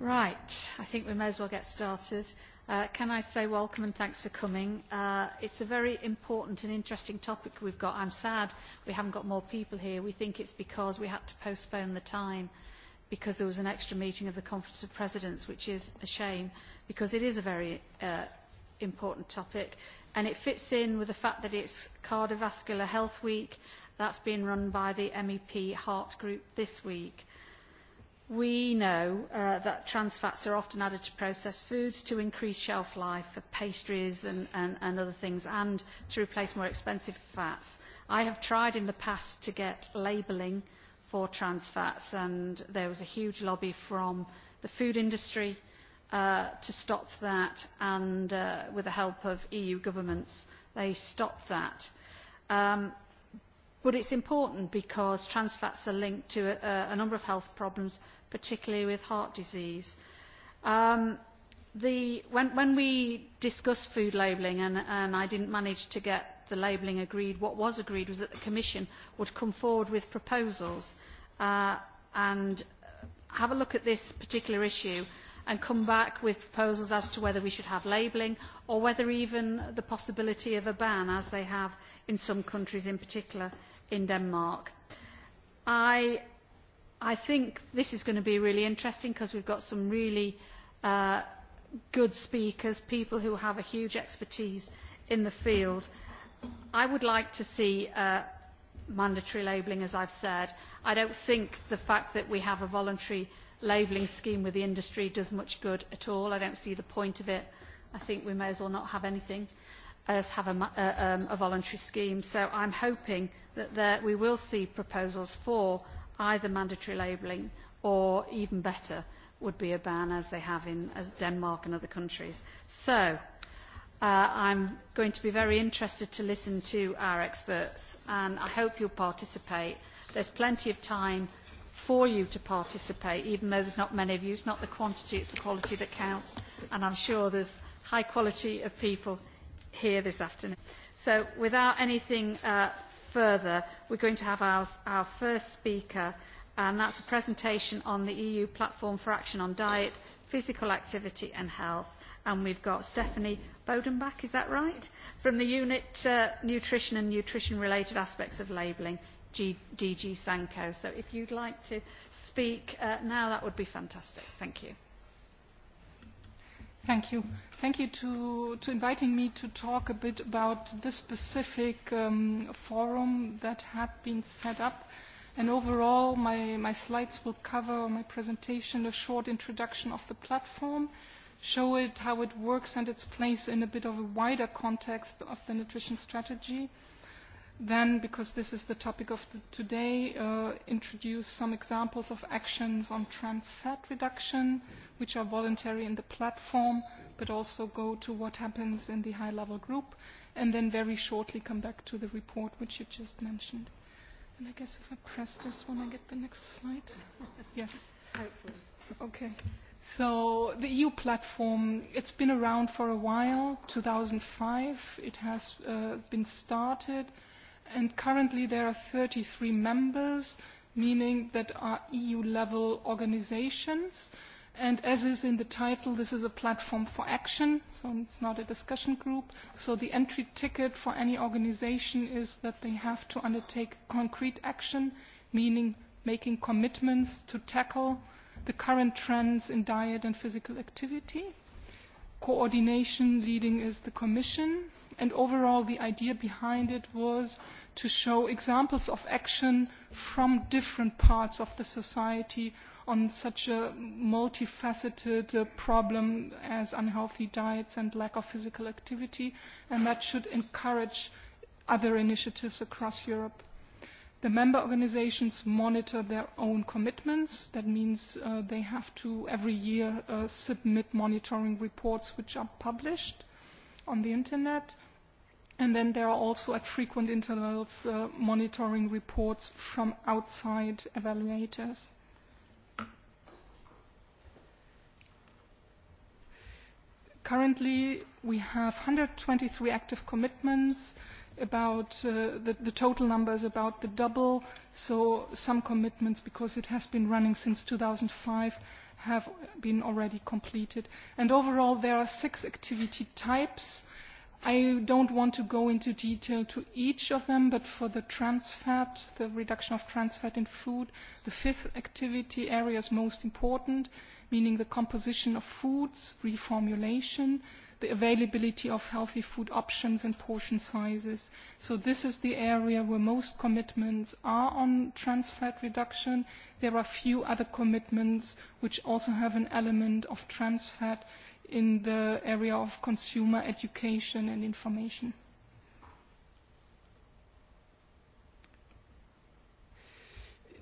Right, I think we may as well get started. Uh, can I say welcome and thanks for coming. Uh, it's a very important and interesting topic we've got. I'm sad we haven't got more people here. We think it's because we had to postpone the time because there was an extra meeting of the Conference of Presidents, which is a shame because it is a very uh, important topic and it fits in with the fact that it's cardiovascular health week that's being run by the mep heart group this week We know uh, that trans fats are often added to processed foods to increase shelf life for pastries and, and, and other things and to replace more expensive fats. I have tried in the past to get labelling for trans fats and there was a huge lobby from the food industry uh, to stop that and uh, with the help of EU governments they stopped that. Um, but it is important because trans fats are linked to a, number of health problems, particularly with heart disease. when, when we discussed food labelling, and, and I didn't manage to get the labelling agreed, what was agreed was that the Commission would come forward with proposals and have a look at this particular issue and come back with proposals as to whether we should have labelling or whether even the possibility of a ban as they have in some countries in particular in Denmark. I, I think this is going to be really interesting because we've got some really uh, good speakers, people who have a huge expertise in the field. I would like to see uh, mandatory labelling, as I've said. I don't think the fact that we have a voluntary labelling scheme with the industry does much good at all. I don't see the point of it. I think we may as well not have anything as have a, a voluntary scheme. So I'm hoping that there, we will see proposals for either mandatory labelling or even better would be a ban as they have in as Denmark and other countries. So I am going to be very interested to listen to our experts and I hope you will participate. There is plenty of time for you to participate, even though there's not many of you. It's not the quantity, it's the quality that counts. And I'm sure there's high quality of people here this afternoon. So without anything uh, further, we're going to have our, our first speaker, and that's a presentation on the EU Platform for Action on Diet, Physical Activity and Health. And we've got Stephanie Bodenbach, is that right? From the unit uh, Nutrition and Nutrition Related Aspects of Labelling DG Sanko. So if you'd like to speak uh, now, that would be fantastic. Thank you. Thank you. Thank you to, to inviting me to talk a bit about this specific um, forum that had been set up. And overall, my, my slides will cover my presentation, a short introduction of the platform, show it how it works and its place in a bit of a wider context of the nutrition strategy, then, because this is the topic of the, today, uh, introduce some examples of actions on trans fat reduction, which are voluntary in the platform, but also go to what happens in the high-level group, and then very shortly come back to the report which you just mentioned. And I guess if I press this one, I get the next slide. yes. Okay. So the EU platform, it's been around for a while, 2005. It has uh, been started and currently there are thirty three members, meaning that are EU-level organisations. And as is in the title, this is a platform for action, so it's not a discussion group. So the entry ticket for any organisation is that they have to undertake concrete action, meaning making commitments to tackle the current trends in diet and physical activity. Coordination leading is the Commission, and overall the idea behind it was to show examples of action from different parts of the society on such a multifaceted problem as unhealthy diets and lack of physical activity, and that should encourage other initiatives across Europe. The member organisations monitor their own commitments. That means they have to, every year, submit monitoring reports which are published on the internet. And then there are also at frequent intervals uh, monitoring reports from outside evaluators. Currently, we have 123 active commitments. About uh, the, the total number is about the double. So some commitments, because it has been running since 2005, have been already completed. And overall, there are six activity types I don't want to go into detail to each of them, but for the trans fat, the reduction of trans fat in food, the fifth activity area is most important, meaning the composition of foods, reformulation, the availability of healthy food options and portion sizes. So this is the area where most commitments are on trans fat reduction. There are few other commitments which also have an element of trans fat in the area of consumer education and information.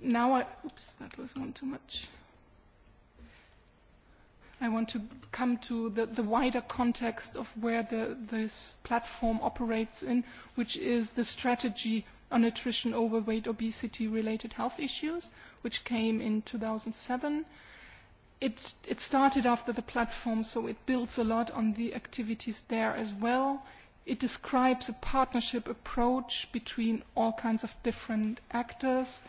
Now I, oops, that was one too much. I want to come to the, the wider context of where the, this platform operates in, which is the strategy on nutrition, overweight, obesity-related health issues, which came in 2007 it, it started after the platform, so it builds a lot on the activities there as well. It describes a partnership approach between all kinds of different actors.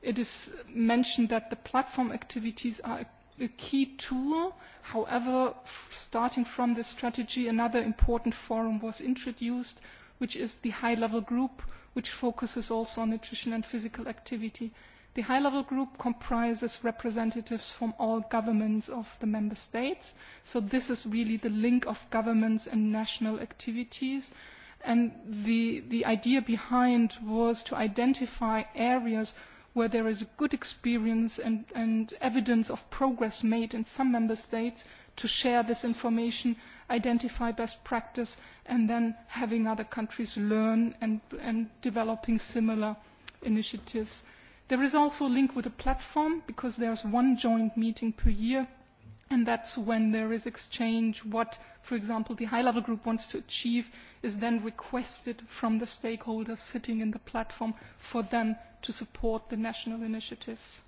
It is mentioned that the platform activities are a a key tool. However, starting from this strategy, another important forum was introduced, which is the high-level group, which focuses also on nutrition and physical activity The high level group comprises representatives from all governments of the member states. So this is really the link of governments and national activities. And the, the idea behind was to identify areas where there is good experience and, and evidence of progress made in some member states to share this information, identify best practice, and then having other countries learn and, and developing similar initiatives. There is also a link with a platform because there's one joint meeting per year and that's when there is exchange what, for example, the high-level group wants to achieve is then requested from the stakeholders sitting in the platform for them to support the national initiatives.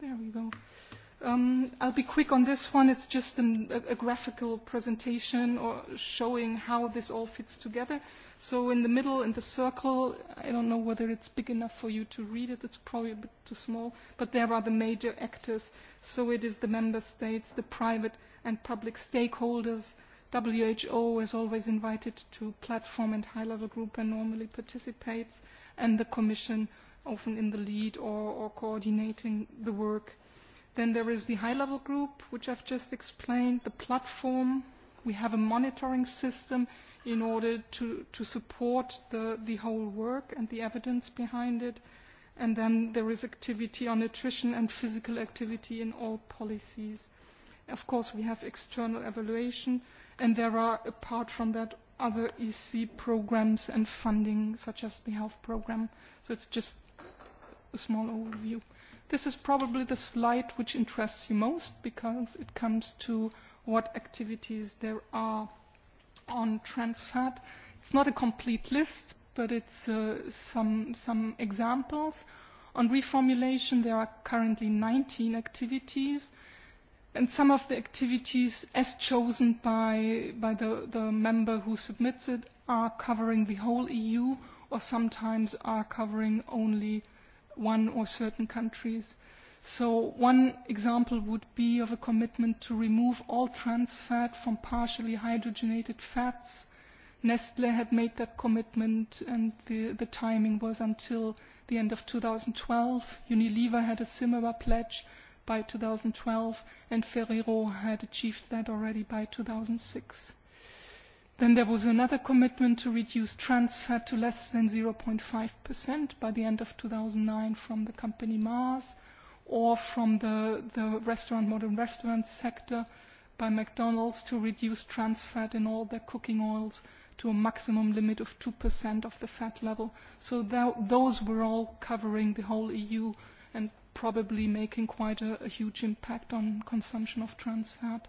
There we go. I will be quick on this one. It is just a, graphical presentation showing how this all fits together. So in the middle, in the circle, I don't know whether it is big enough for you to read it. it is probably a bit too small. But there are the major actors. So it is the member states, the private and public stakeholders. WHO is always invited to platform and high-level group and normally participates. And the Commission, often in the lead or coordinating the work Then there is the high-level group, which I've just explained, the platform. We have a monitoring system in order to, to support the, the whole work and the evidence behind it. And then there is activity on nutrition and physical activity in all policies. Of course, we have external evaluation, and there are, apart from that, other EC programs and funding, such as the health program. So it's just a small overview. This is probably the slide which interests you most because it comes to what activities there are on trans fat. It's not a complete list, but it's uh, some, some examples. On reformulation, there are currently 19 activities, and some of the activities, as chosen by, by the, the member who submits it, are covering the whole EU or sometimes are covering only one or certain countries. So one example would be of a commitment to remove all trans fat from partially hydrogenated fats. Nestle had made that commitment and the, the timing was until the end of 2012. Unilever had a similar pledge by 2012 and Ferrero had achieved that already by 2006 Then there was another commitment to reduce trans fat to less than 0.5% by the end of 2009 from the company Mars or from the, the restaurant, modern restaurant sector by McDonald's to reduce trans fat in all their cooking oils to a maximum limit of 2% of the fat level. So th those were all covering the whole EU and probably making quite a, a huge impact on consumption of trans fat.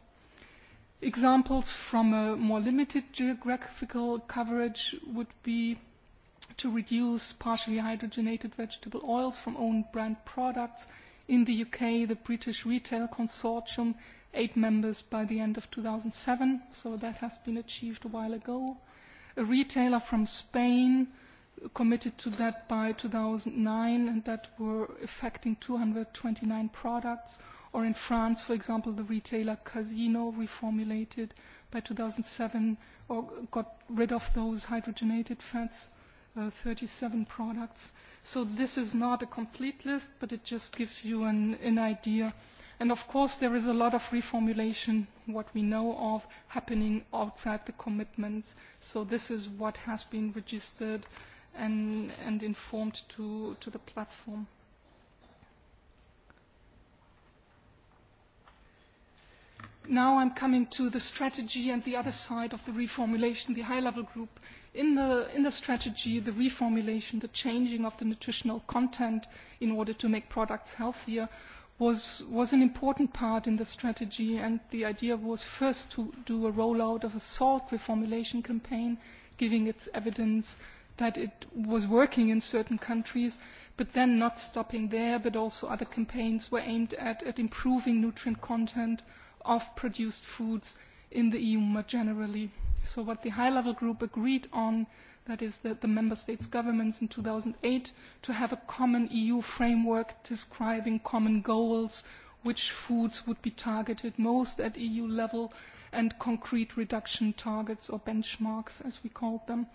Examples from a more limited geographical coverage would be to reduce partially hydrogenated vegetable oils from own brand products. In the UK, the British Retail Consortium, eight members by the end of 2007, so that has been achieved a while ago. A retailer from Spain committed to that by 2009, and that were affecting 229 products Or in France, for example, the retailer Casino reformulated by 2007 or got rid of those hydrogenated fats, uh, 37 products. So this is not a complete list, but it just gives you an, an idea. And of course, there is a lot of reformulation, what we know of, happening outside the commitments. So this is what has been registered and, and informed to, to the platform. now I'm coming to the strategy and the other side of the reformulation, the high-level group. In the, in the strategy, the reformulation, the changing of the nutritional content in order to make products healthier was, was an important part in the strategy and the idea was first to do a rollout of a salt reformulation campaign, giving its evidence that it was working in certain countries, but then not stopping there, but also other campaigns were aimed at, at improving nutrient content of produced foods in the EU more generally. So what the high-level group agreed on, that is that the member states' governments in two thousand eight to have a common EU framework describing common goals, which foods would be targeted most at EU level, and concrete reduction targets or benchmarks, as we called them.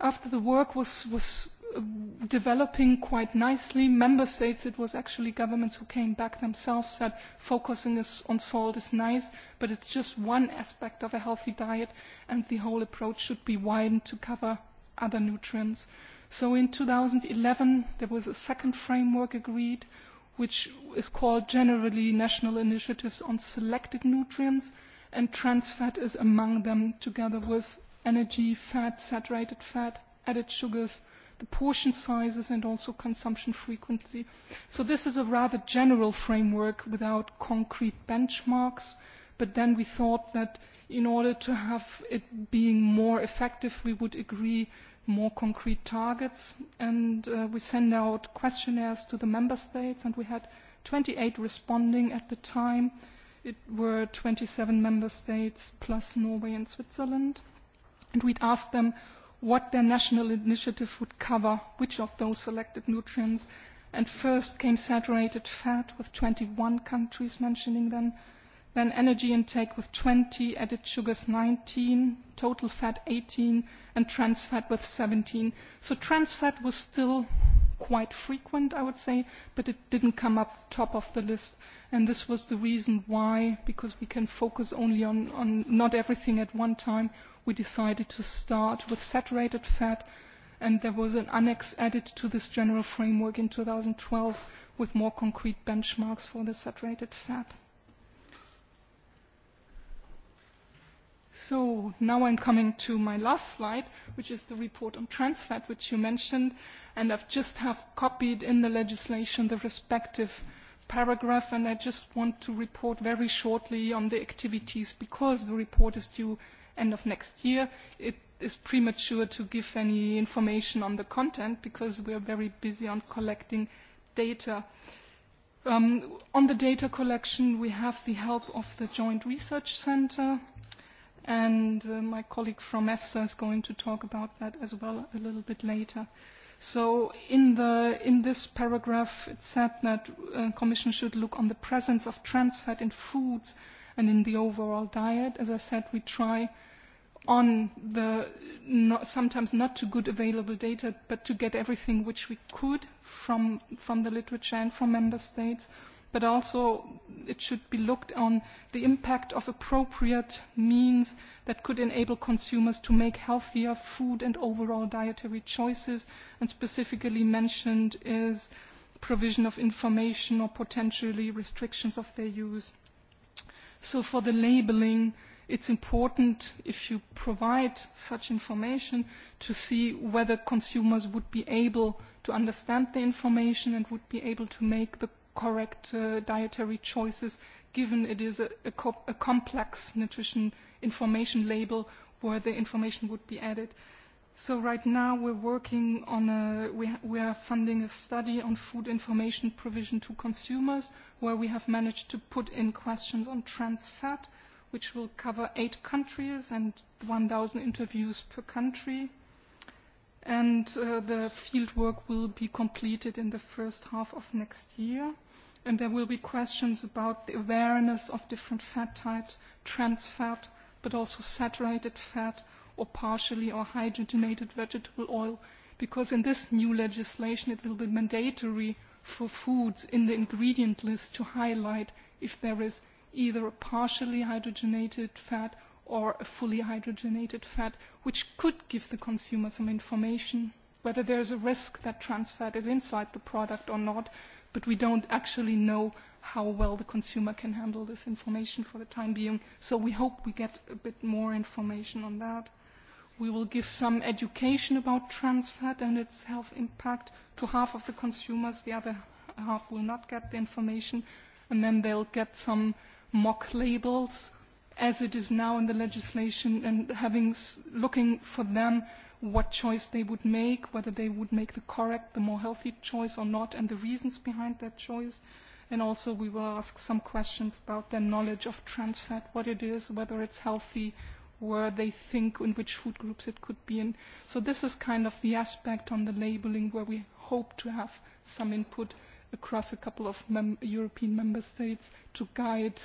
After the work was, was developing quite nicely. Member states, it was actually governments who came back themselves said focusing is, on salt is nice, but it's just one aspect of a healthy diet, and the whole approach should be widened to cover other nutrients. So in 2011, there was a second framework agreed, which is called generally National Initiatives on Selected Nutrients, and trans fat is among them, together with energy, fat, saturated fat, added sugars, the portion sizes and also consumption frequency. So this is a rather general framework without concrete benchmarks, but then we thought that in order to have it being more effective, we would agree more concrete targets, and uh, we send out questionnaires to the member states, and we had 28 responding at the time. It were 27 member states plus Norway and Switzerland. And we'd asked them what their national initiative would cover, which of those selected nutrients. And first came saturated fat with twenty one countries mentioning them, then energy intake with twenty, added sugars nineteen, total fat eighteen, and trans fat with seventeen. So trans fat was still quite frequent, I would say, but it didn't come up top of the list. And this was the reason why, because we can focus only on, on not everything at one time, we decided to start with saturated fat, and there was an annex added to this general framework in 2012 with more concrete benchmarks for the saturated fat. So now I'm coming to my last slide, which is the report on trans fat, which you mentioned, and I've just have copied in the legislation the respective paragraph, and I just want to report very shortly on the activities because the report is due end of next year, it is premature to give any information on the content because we are very busy on collecting data. on the data collection, we have the help of the Joint Research Centre, and my colleague from EFSA is going to talk about that as well a little bit later. So in, the, in this paragraph, it said that the Commission should look on the presence of trans fat in foods and in the overall diet. As I said, we try on the not, sometimes not too good available data, but to get everything which we could from, from the literature and from member states. But also, it should be looked on the impact of appropriate means that could enable consumers to make healthier food and overall dietary choices. And specifically mentioned is provision of information or potentially restrictions of their use So for the labeling, it's important if you provide such information to see whether consumers would be able to understand the information and would be able to make the correct uh, dietary choices given it is a, a, co a complex nutrition information label where the information would be added. So right now we're working on a, we, we are funding a study on food information provision to consumers where we have managed to put in questions on trans fat which will cover eight countries and 1,000 interviews per country. And uh, the work will be completed in the first half of next year. And there will be questions about the awareness of different fat types, trans fat, but also saturated fat, or partially or hydrogenated vegetable oil because in this new legislation it will be mandatory for foods in the ingredient list to highlight if there is either a partially hydrogenated fat or a fully hydrogenated fat, which could give the consumer some information whether there is a risk that trans fat is inside the product or not, but we don't actually know how well the consumer can handle this information for the time being, so we hope we get a bit more information on that. We will give some education about trans fat and its health impact to half of the consumers. The other half will not get the information. And then they'll get some mock labels as it is now in the legislation and having, looking for them what choice they would make, whether they would make the correct, the more healthy choice or not, and the reasons behind that choice. And also we will ask some questions about their knowledge of trans fat, what it is, whether it's healthy, where they think in which food groups it could be in. So this is kind of the aspect on the labelling where we hope to have some input across a couple of mem European member states to guide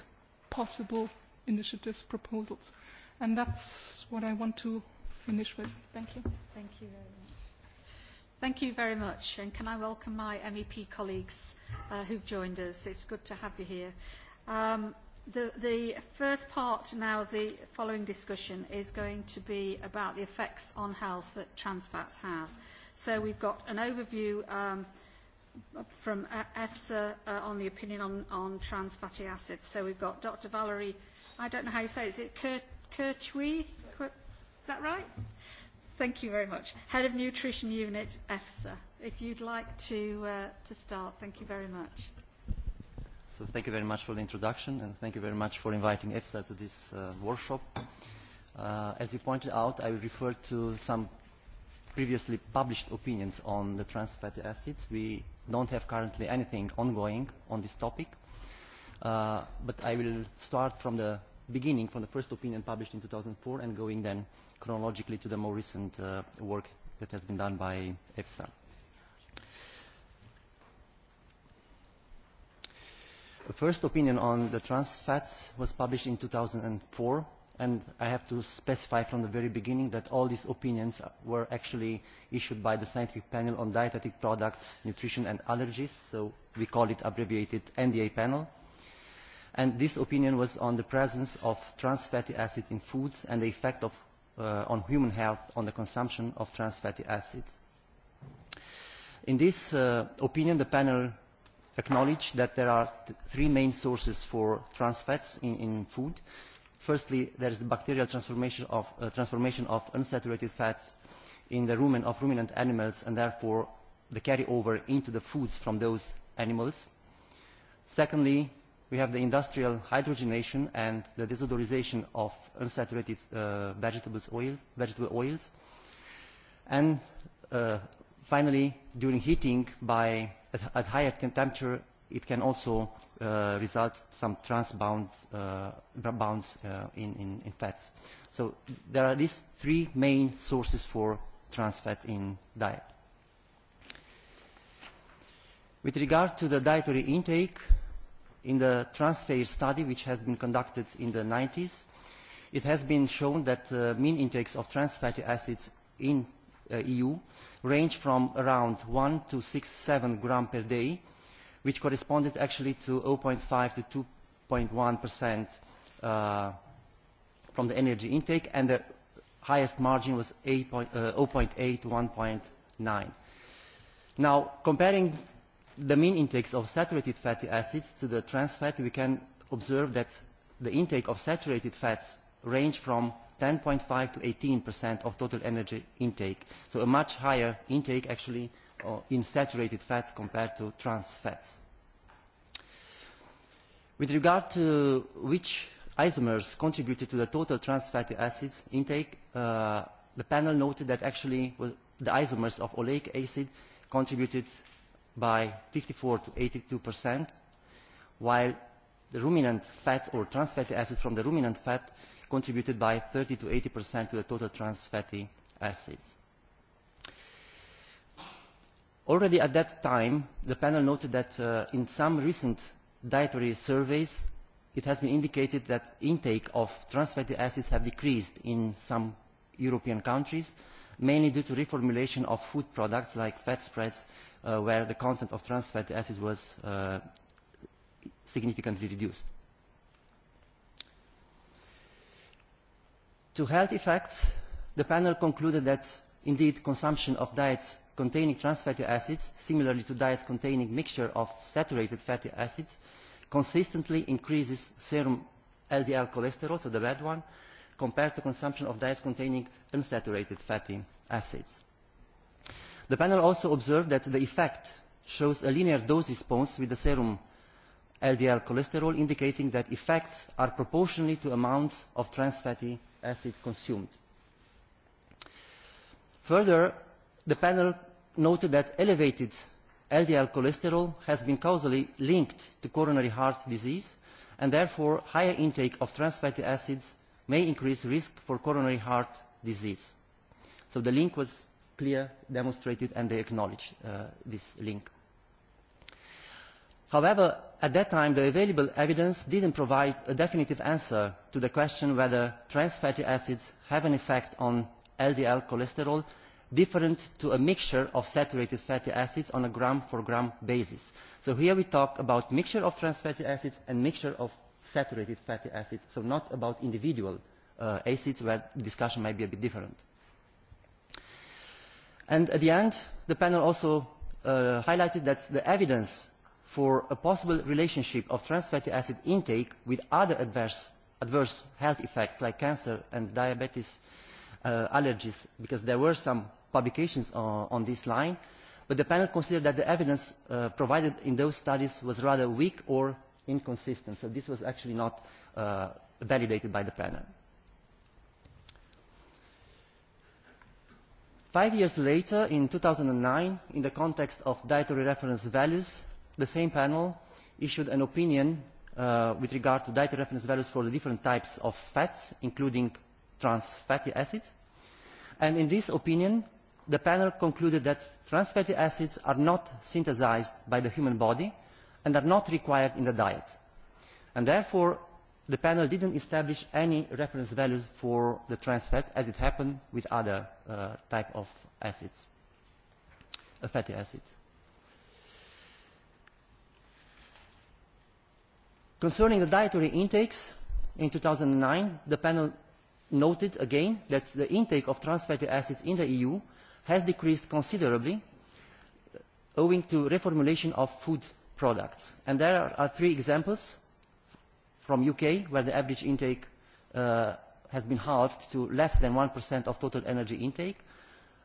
possible initiatives, proposals. And that's what I want to finish with. Thank you. Thank you very much. Thank you very much. And can I welcome my MEP colleagues uh, who've joined us. It's good to have you here. Um, The, the first part now of the following discussion is going to be about the effects on health that trans fats have. So we've got an overview um, from EFSA uh, on the opinion on, on trans fatty acids. So we've got Dr. Valerie, I don't know how you say it, is it Ker, Is that right? Thank you very much. Head of Nutrition Unit, EFSA. If you'd like to, uh, to start, thank you very much. So thank you very much for the introduction and thank you very much for inviting EFSA to this uh, workshop. Uh, as you pointed out, I will refer to some previously published opinions on the trans fatty acids. We don't have currently anything ongoing on this topic, uh, but I will start from the beginning, from the first opinion published in 2004 and going then chronologically to the more recent uh, work that has been done by EFSA. Uh, The first opinion on the trans fats was published in 2004, and I have to specify from the very beginning that all these opinions were actually issued by the Scientific Panel on Dietetic Products, Nutrition and Allergies, so we call it abbreviated NDA panel. And this opinion was on the presence of trans fatty acids in foods and the effect of, uh, on human health on the consumption of trans fatty acids. In this uh, opinion, the panel acknowledge that there are three main sources for trans fats in, in food. Firstly, there is the bacterial transformation of, uh, transformation of unsaturated fats in the rumen of ruminant animals and therefore the carryover into the foods from those animals. Secondly, we have the industrial hydrogenation and the desodorization of unsaturated uh, vegetables oil, vegetable oils. And uh, Finally, during heating by, at higher temperature, it can also uh, result some transbound uh, bounds uh, in, in, in fats. So there are these three main sources for trans fats in diet. With regard to the dietary intake, in the trans study which has been conducted in the 90s, it has been shown that uh, mean intakes of trans fatty acids in EU range from around one to six seven grams per day, which corresponded actually to zero five to two one percent from the energy intake, and the highest margin was 0.8 to 1.9. Now, comparing the mean intakes of saturated fatty acids to the trans fat, we can observe that the intake of saturated fats range from ten five to eighteen of total energy intake so a much higher intake actually in saturated fats compared to trans fats. with regard to which isomers contributed to the total trans fatty acids intake uh the panel noted that actually the isomers of oleic acid contributed by fifty four to eighty two while the ruminant fat or trans fatty acids from the ruminant fat contributed by 30 to 80% to the total trans fatty acids. Already at that time, the panel noted that uh, in some recent dietary surveys, it has been indicated that intake of trans fatty acids have decreased in some European countries, mainly due to reformulation of food products like fat spreads, uh, where the content of trans fatty acids was uh, significantly reduced To health effects, the panel concluded that indeed consumption of diets containing trans fatty acids, similarly to diets containing mixture of saturated fatty acids, consistently increases serum LDL cholesterol, so the bad one, compared to consumption of diets containing unsaturated fatty acids. The panel also observed that the effect shows a linear dose response with the serum LDL cholesterol, indicating that effects are proportionally to amounts of trans fatty as it consumed. Further, the panel noted that elevated LDL cholesterol has been causally linked to coronary heart disease and therefore higher intake of trans fatty acids may increase risk for coronary heart disease. So the link was clear, demonstrated and they acknowledged uh, this link however at that time the available evidence did not provide a definitive answer to the question whether trans fatty acids have an effect on ldl cholesterol different to a mixture of saturated fatty acids on a gram for gram basis. so here we talk about a mixture of trans fatty acids and a mixture of saturated fatty acids so not about individual uh, acids where the discussion might be a bit different. And at the end the panel also uh, highlighted that the evidence for a possible relationship of trans fatty acid intake with other adverse, adverse health effects like cancer and diabetes uh, allergies, because there were some publications on, on this line, but the panel considered that the evidence uh, provided in those studies was rather weak or inconsistent, so this was actually not uh, validated by the panel. Five years later, in 2009, in the context of dietary reference values, the same panel issued an opinion uh, with regard to dietary reference values for the different types of fats, including trans fatty acids. And in this opinion, the panel concluded that trans fatty acids are not synthesized by the human body and are not required in the diet. And therefore, the panel didn't establish any reference values for the trans fats as it happened with other uh, type of acids, uh, fatty acids Concerning the dietary intakes, in two thousand nine the panel noted again that the intake of trans fatty acids in the EU has decreased considerably owing to reformulation of food products. And there are three examples from the UK where the average intake has been halved to less than 1% of total energy intake.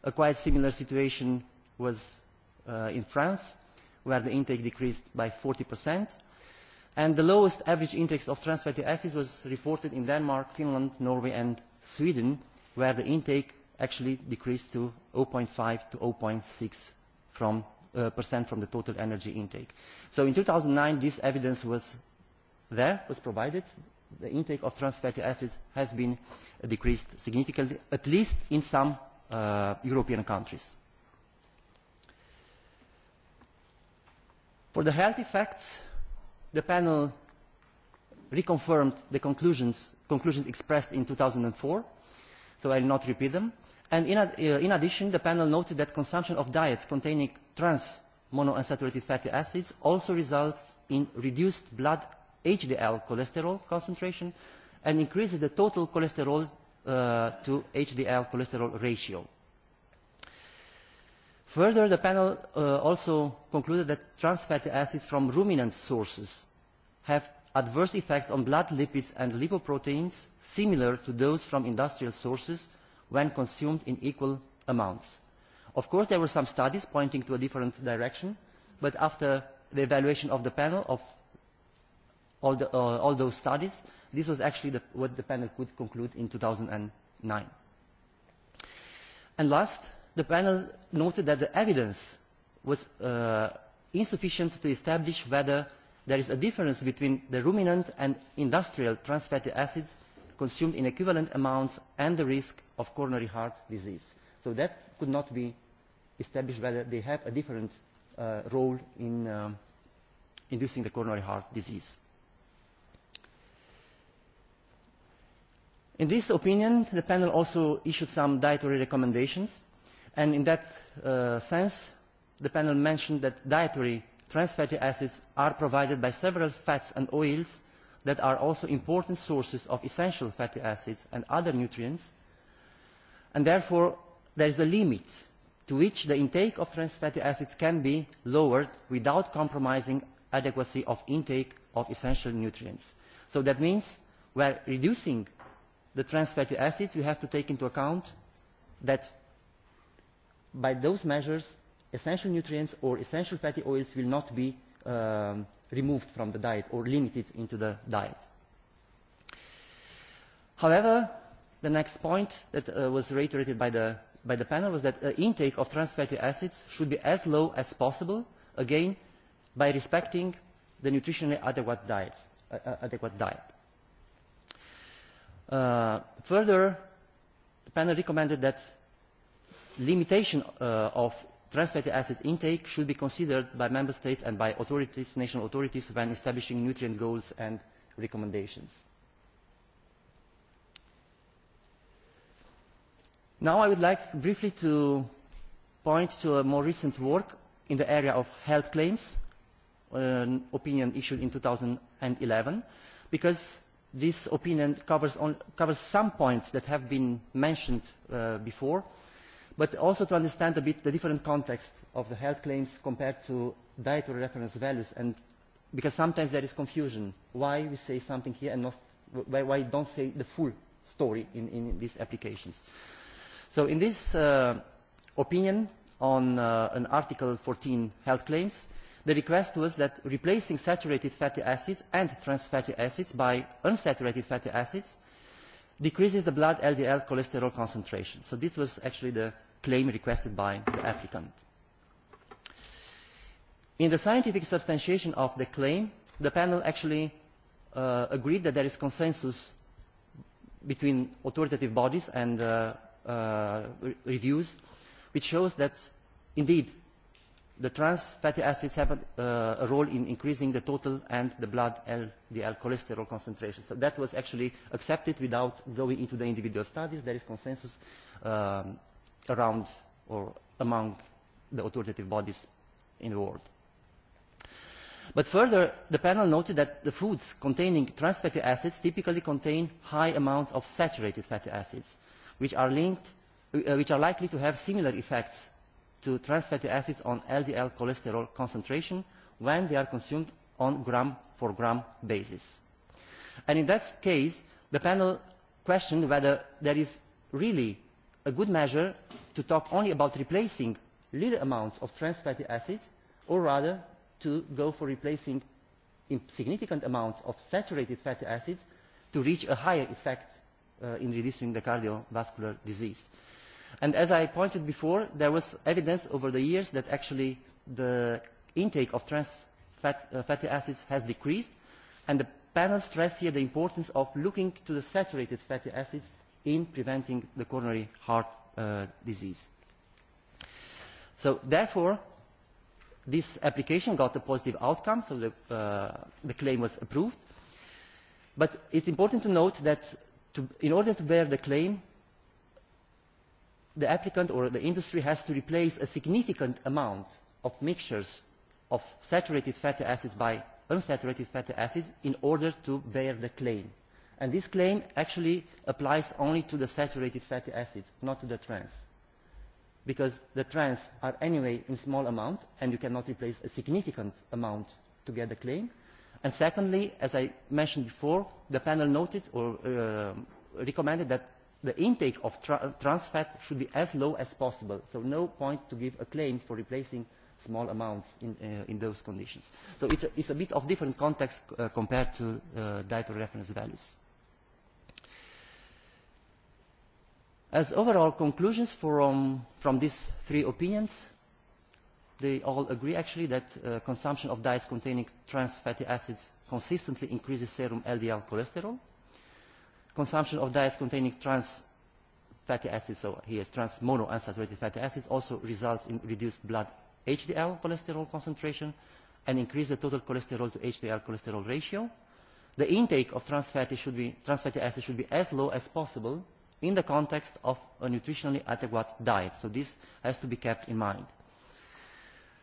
A quite similar situation was in France where the intake decreased by percent and the lowest average index of trans fatty acids was reported in denmark finland norway and sweden where the intake actually decreased to. zero five to. zero six from the total energy intake. so in two thousand and nine this evidence was there was provided the intake of trans fatty acids has been decreased significantly at least in some european countries. for the health effects the panel reconfirmed the conclusions, conclusions expressed in two thousand four, so I will not repeat them. And in, addition, the panel noted that consumption of diets containing trans monounsaturated fatty acids also results in reduced blood HDL cholesterol concentration and increases the total cholesterol to HDL cholesterol ratio Further, the panel uh, also concluded that trans fatty acids from ruminant sources have adverse effects on blood lipids and lipoproteins similar to those from industrial sources when consumed in equal amounts. Of course, there were some studies pointing to a different direction, but after the evaluation of the panel of all, the, uh, all those studies, this was actually the, what the panel could conclude in 2009. And last, the panel noted that the evidence was uh, insufficient to establish whether there is a difference between the ruminant and industrial trans fatty acids consumed in equivalent amounts and the risk of coronary heart disease. So that could not be established whether they have a different uh, role in um, inducing the coronary heart disease. In this opinion, the panel also issued some dietary recommendations and in that uh, sense the panel mentioned that dietary trans fatty acids are provided by several fats and oils that are also important sources of essential fatty acids and other nutrients and therefore there is a limit to which the intake of trans fatty acids can be lowered without compromising adequacy of intake of essential nutrients. So that means where reducing the trans fatty acids, we have to take into account that by those measures essential nutrients or essential fatty oils will not be um, removed from the diet or limited into the diet. However, the next point that uh, was reiterated by the, by the panel was that the intake of trans fatty acids should be as low as possible, again, by respecting the nutritionally adequate diet. Uh, adequate diet. Uh, further, the panel recommended that limitation of trans fatty acid intake should be considered by member states and by national authorities when establishing nutrient goals and recommendations. now i would like briefly to point to more recent work in the area of health claims an opinion issued in two thousand and eleven because this opinion covers some points that have been mentioned before but also to understand a bit the different context of the health claims compared to dietary reference values, and because sometimes there is confusion why we say something here and not, why, why don't say the full story in, in these applications. So in this uh, opinion on uh, an Article 14 health claims, the request was that replacing saturated fatty acids and trans fatty acids by unsaturated fatty acids decreases the blood LDL cholesterol concentration. So this was actually the claim requested by the applicant. In the scientific substantiation of the claim, the panel actually uh, agreed that there is consensus between authoritative bodies and uh, uh, reviews, which shows that indeed the trans fatty acids have a, uh, a role in increasing the total and the blood LDL cholesterol concentration. So that was actually accepted without going into the individual studies. There is consensus um, around or among the authoritative bodies in the world. But further, the panel noted that the foods containing trans fatty acids typically contain high amounts of saturated fatty acids, which are, linked, uh, which are likely to have similar effects to trans fatty acids on LDL cholesterol concentration when they are consumed on gram for gram basis. And in that case, the panel questioned whether there is really a good measure to talk only about replacing little amounts of trans fatty acids or rather to go for replacing significant amounts of saturated fatty acids to reach a higher effect in reducing the cardiovascular disease. And as i pointed before there was evidence over the years that actually the intake of trans fatty acids has decreased and the panel stressed here the importance of looking to the saturated fatty acids in preventing the coronary heart uh, disease. So therefore, this application got a positive outcome, so the, uh, the claim was approved. But it's important to note that to, in order to bear the claim, the applicant or the industry has to replace a significant amount of mixtures of saturated fatty acids by unsaturated fatty acids in order to bear the claim and this claim actually applies only to the saturated fatty acids not to the trans because the trans are anyway in small amount and you cannot replace a significant amount to get the claim and secondly as i mentioned before the panel noted or uh, recommended that the intake of tra trans fat should be as low as possible so no point to give a claim for replacing small amounts in, uh, in those conditions. So it's a, it's a bit of different context uh, compared to uh, dietary reference values as overall conclusions from, these three opinions, they all agree actually that consumption of diets containing trans fatty acids consistently increases serum LDL cholesterol. Consumption of diets containing trans fatty acids, so here has trans monounsaturated fatty acids, also results in reduced blood HDL cholesterol concentration and increase the total cholesterol to HDL cholesterol ratio. The intake of trans fatty, trans fatty acids should be as low as possible in the context of a nutritionally adequate diet. So this has to be kept in mind.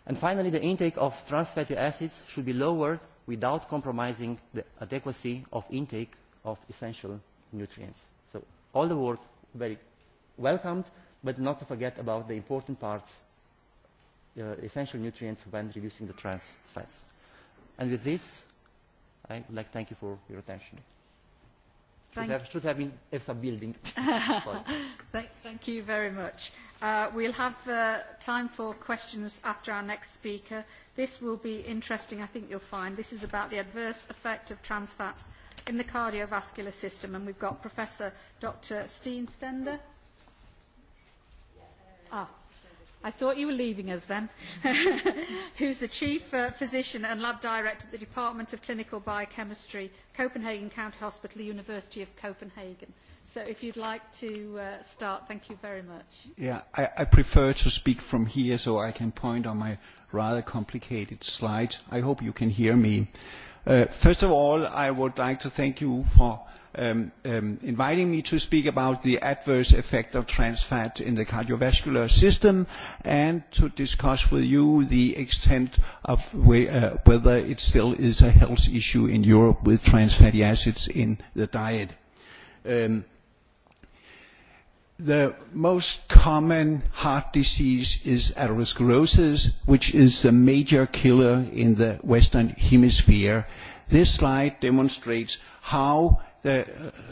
And finally, the intake of trans fatty acids should be lowered without compromising the adequacy of intake of essential nutrients. So all the work very welcomed, but not to forget about the important parts, uh, essential nutrients when reducing the trans fats. And with this, I would like to thank you for your attention. Thank should, have, should have been building. thank, thank you very much. Uh, we'll have uh, time for questions after our next speaker. This will be interesting, I think you'll find. This is about the adverse effect of trans fats in the cardiovascular system, and we've got Professor Dr. Steen Stender. Ah, I thought you were leaving us then, who's the Chief uh, Physician and Lab Director at the Department of Clinical Biochemistry, Copenhagen County Hospital, University of Copenhagen. So if you'd like to uh, start, thank you very much. Yeah, I, I prefer to speak from here so I can point on my rather complicated slide. I hope you can hear me. Uh, first of all, I would like to thank you for inviting me to speak about the adverse effect of trans fat in the cardiovascular system and to discuss with you the extent of whether it still is a health issue in Europe with trans fatty acids in the diet. The most common heart disease is atherosclerosis, which is the major killer in the Western Hemisphere. This slide demonstrates how the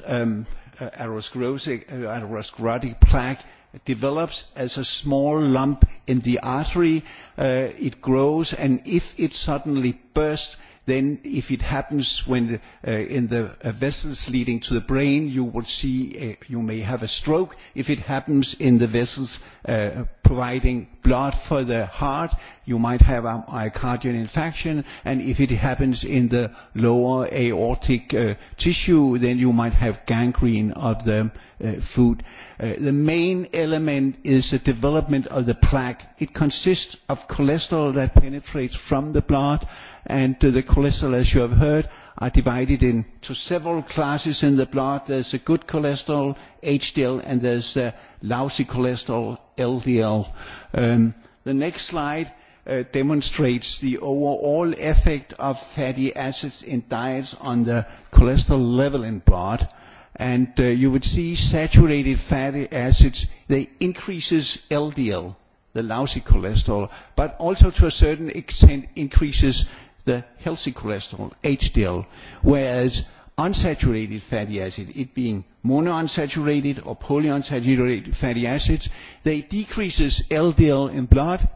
um, atherosclerotic plaque develops as a small lump in the artery. Uh, it grows, and if it suddenly bursts, then if it happens when uh, in the uh, vessels leading to the brain, you would see a, you may have a stroke. If it happens in the vessels uh, providing blood for the heart, you might have a myocardial infarction. And if it happens in the lower aortic uh, tissue, then you might have gangrene of the uh, food. Uh, the main element is the development of the plaque. It consists of cholesterol that penetrates from the blood And the cholesterol, as you have heard, are divided into several classes in the blood. There's a good cholesterol, HDL, and there's a lousy cholesterol, LDL. Um, the next slide uh, demonstrates the overall effect of fatty acids in diets on the cholesterol level in blood. And uh, you would see saturated fatty acids, they increases LDL, the lousy cholesterol, but also to a certain extent increases the healthy cholesterol, HDL, whereas unsaturated fatty acid, it being monounsaturated or polyunsaturated fatty acids, they decreases LDL in blood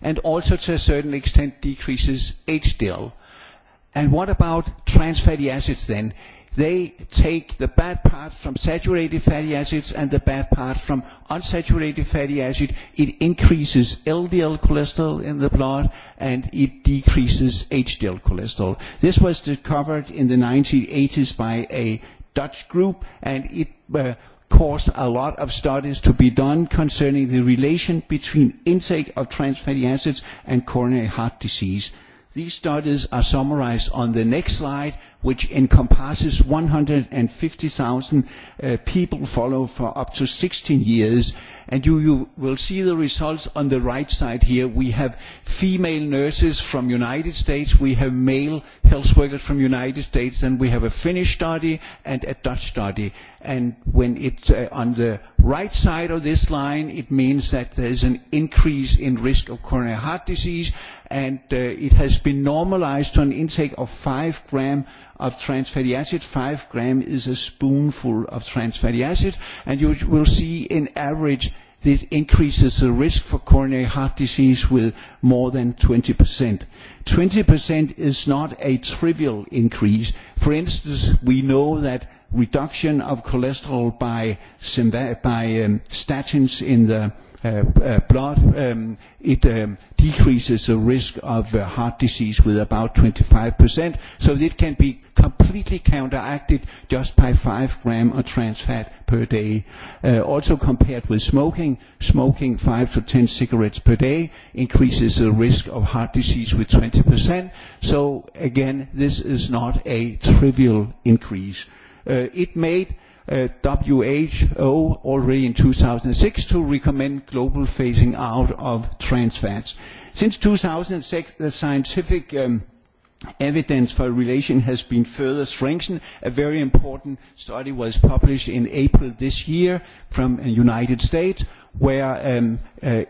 and also to a certain extent decreases HDL. And what about trans fatty acids then? They take the bad part from saturated fatty acids and the bad part from unsaturated fatty acid. It increases LDL cholesterol in the blood and it decreases HDL cholesterol. This was discovered in the 1980s by a Dutch group and it uh, caused a lot of studies to be done concerning the relation between intake of trans fatty acids and coronary heart disease. These studies are summarized on the next slide which encompasses 150,000 uh, people follow for up to 16 years. And you, you will see the results on the right side here. We have female nurses from United States, we have male health workers from United States, and we have a Finnish study and a Dutch study. And when it's uh, on the right side of this line, it means that there is an increase in risk of coronary heart disease, and uh, it has been normalized to an intake of 5 gram of trans fatty acid. Five gram is a spoonful of trans fatty acid. And you will see in average this increases the risk for coronary heart disease with more than 20%. 20% is not a trivial increase. For instance, we know that reduction of cholesterol by, by um, statins in the blood, it decreases the risk of heart disease with about 25%. So it can be completely counteracted just by 5 gram of trans fat per day. Also compared with smoking, smoking 5 to 10 cigarettes per day increases the risk of heart disease with 20%. So again, this is not a trivial increase. It made WHO already in 2006 to recommend global phasing out of trans fats. Since 2006, the scientific evidence for relation has been further strengthened. A very important study was published in April this year from the United States where um, uh, uh,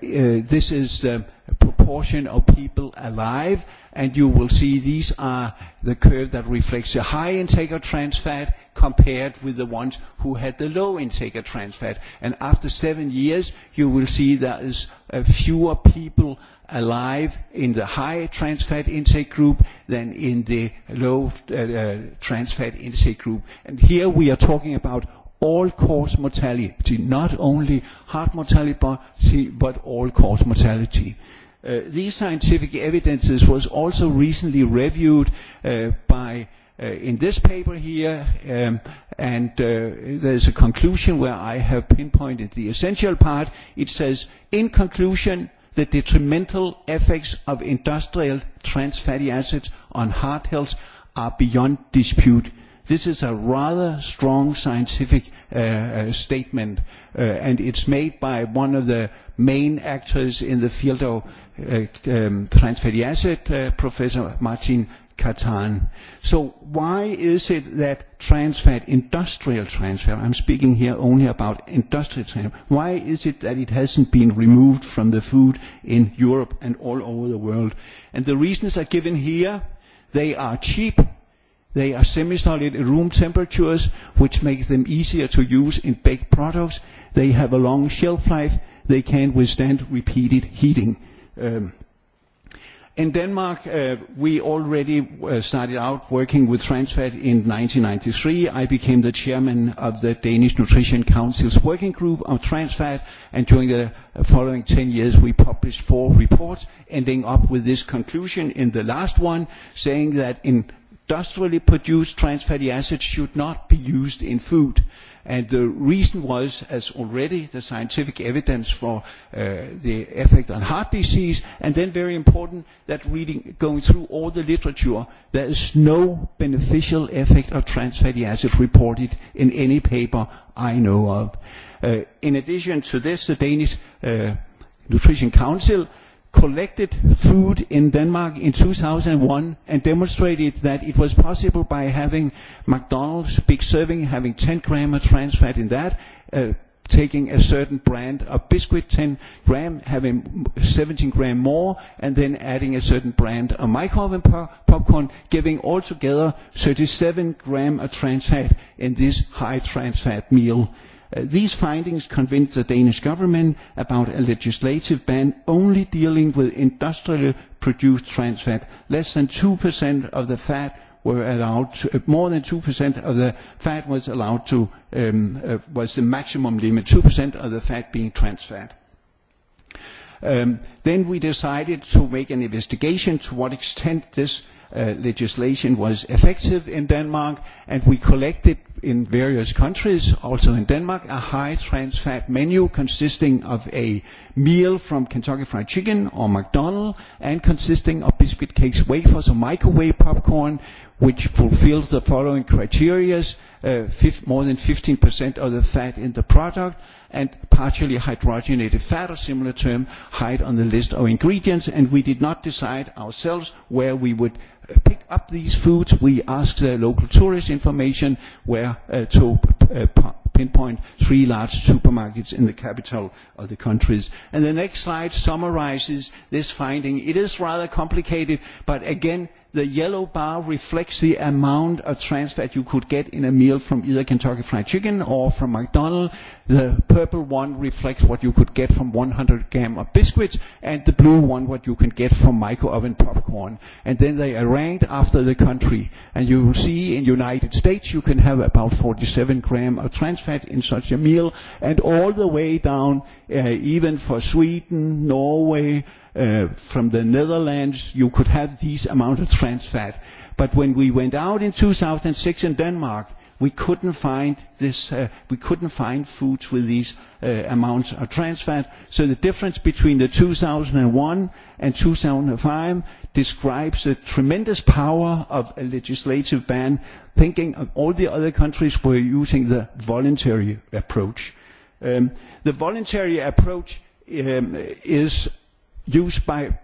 this is the proportion of people alive, and you will see these are the curve that reflects the high intake of trans fat compared with the ones who had the low intake of trans fat. And after seven years, you will see there is uh, fewer people alive in the high trans fat intake group than in the low uh, uh, trans fat intake group. And here we are talking about all-cause mortality, not only heart mortality, but all-cause mortality. Uh, these scientific evidences was also recently reviewed uh, by uh, in this paper here, um, and uh, is a conclusion where I have pinpointed the essential part. It says, in conclusion, the detrimental effects of industrial trans fatty acids on heart health are beyond dispute This is a rather strong scientific uh, statement, uh, and it's made by one of the main actors in the field of uh, um, trans fatty acid, uh, Professor Martin Katan. So why is it that trans fat, industrial trans fat, I'm speaking here only about industrial trans fat, why is it that it hasn't been removed from the food in Europe and all over the world? And the reasons are given here. They are cheap They are semi-solid at room temperatures, which makes them easier to use in baked products. They have a long shelf life. They can withstand repeated heating. in Denmark, we already started out working with trans fat in 1993. I became the chairman of the Danish Nutrition Council's working group on trans fat, and during the following 10 years, we published four reports, ending up with this conclusion in the last one, saying that in industrially produced trans fatty acids should not be used in food. And the reason was, as already the scientific evidence for uh, the effect on heart disease, and then very important that reading, going through all the literature, there is no beneficial effect of trans fatty acids reported in any paper I know of. Uh, in addition to this, the Danish uh, Nutrition Council uh, collected food in Denmark in 2001 and demonstrated that it was possible by having McDonald's big serving, having 10 gram of trans fat in that, uh, taking a certain brand of biscuit, 10 gram, having 17 gram more, and then adding a certain brand of microwave popcorn, giving altogether 37 gram of trans fat in this high trans fat meal These findings convinced the Danish government about a legislative ban only dealing with industrially produced trans fat. Less than 2% of the fat were allowed, to, more than 2% of the fat was allowed to, um, uh, was the maximum limit, 2% of the fat being trans fat. Um, then we decided to make an investigation to what extent this uh, legislation was effective in Denmark, and we collected in various countries, also in Denmark, a high trans fat menu consisting of a meal from Kentucky Fried Chicken or McDonald's and consisting of biscuit cakes, wafers, or microwave popcorn which fulfills the following criteria uh, more than 15% of the fat in the product and partially hydrogenated fat, a similar term, hide on the list of ingredients. And we did not decide ourselves where we would pick up these foods. We asked the local tourist information where uh, to uh, pinpoint three large supermarkets in the capital of the countries. And the next slide summarizes this finding. It is rather complicated, but again, the yellow bar reflects the amount of trans fat you could get in a meal from either Kentucky Fried Chicken or from McDonald's. The purple one reflects what you could get from 100 gram of biscuits, and the blue one what you can get from microwave popcorn. And then they are ranked after the country. And you will see in United States you can have about 47 gram of trans fat in such a meal, and all the way down, uh, even for Sweden, Norway uh, from the Netherlands, you could have these amount of trans fat. But when we went out in 2006 in Denmark, we couldn't find this. Uh, we couldn't find foods with these uh, amounts of trans fat. So the difference between the 2001 and 2005 describes the tremendous power of a legislative ban. Thinking of all the other countries were using the voluntary approach. Um, the voluntary approach um, is used by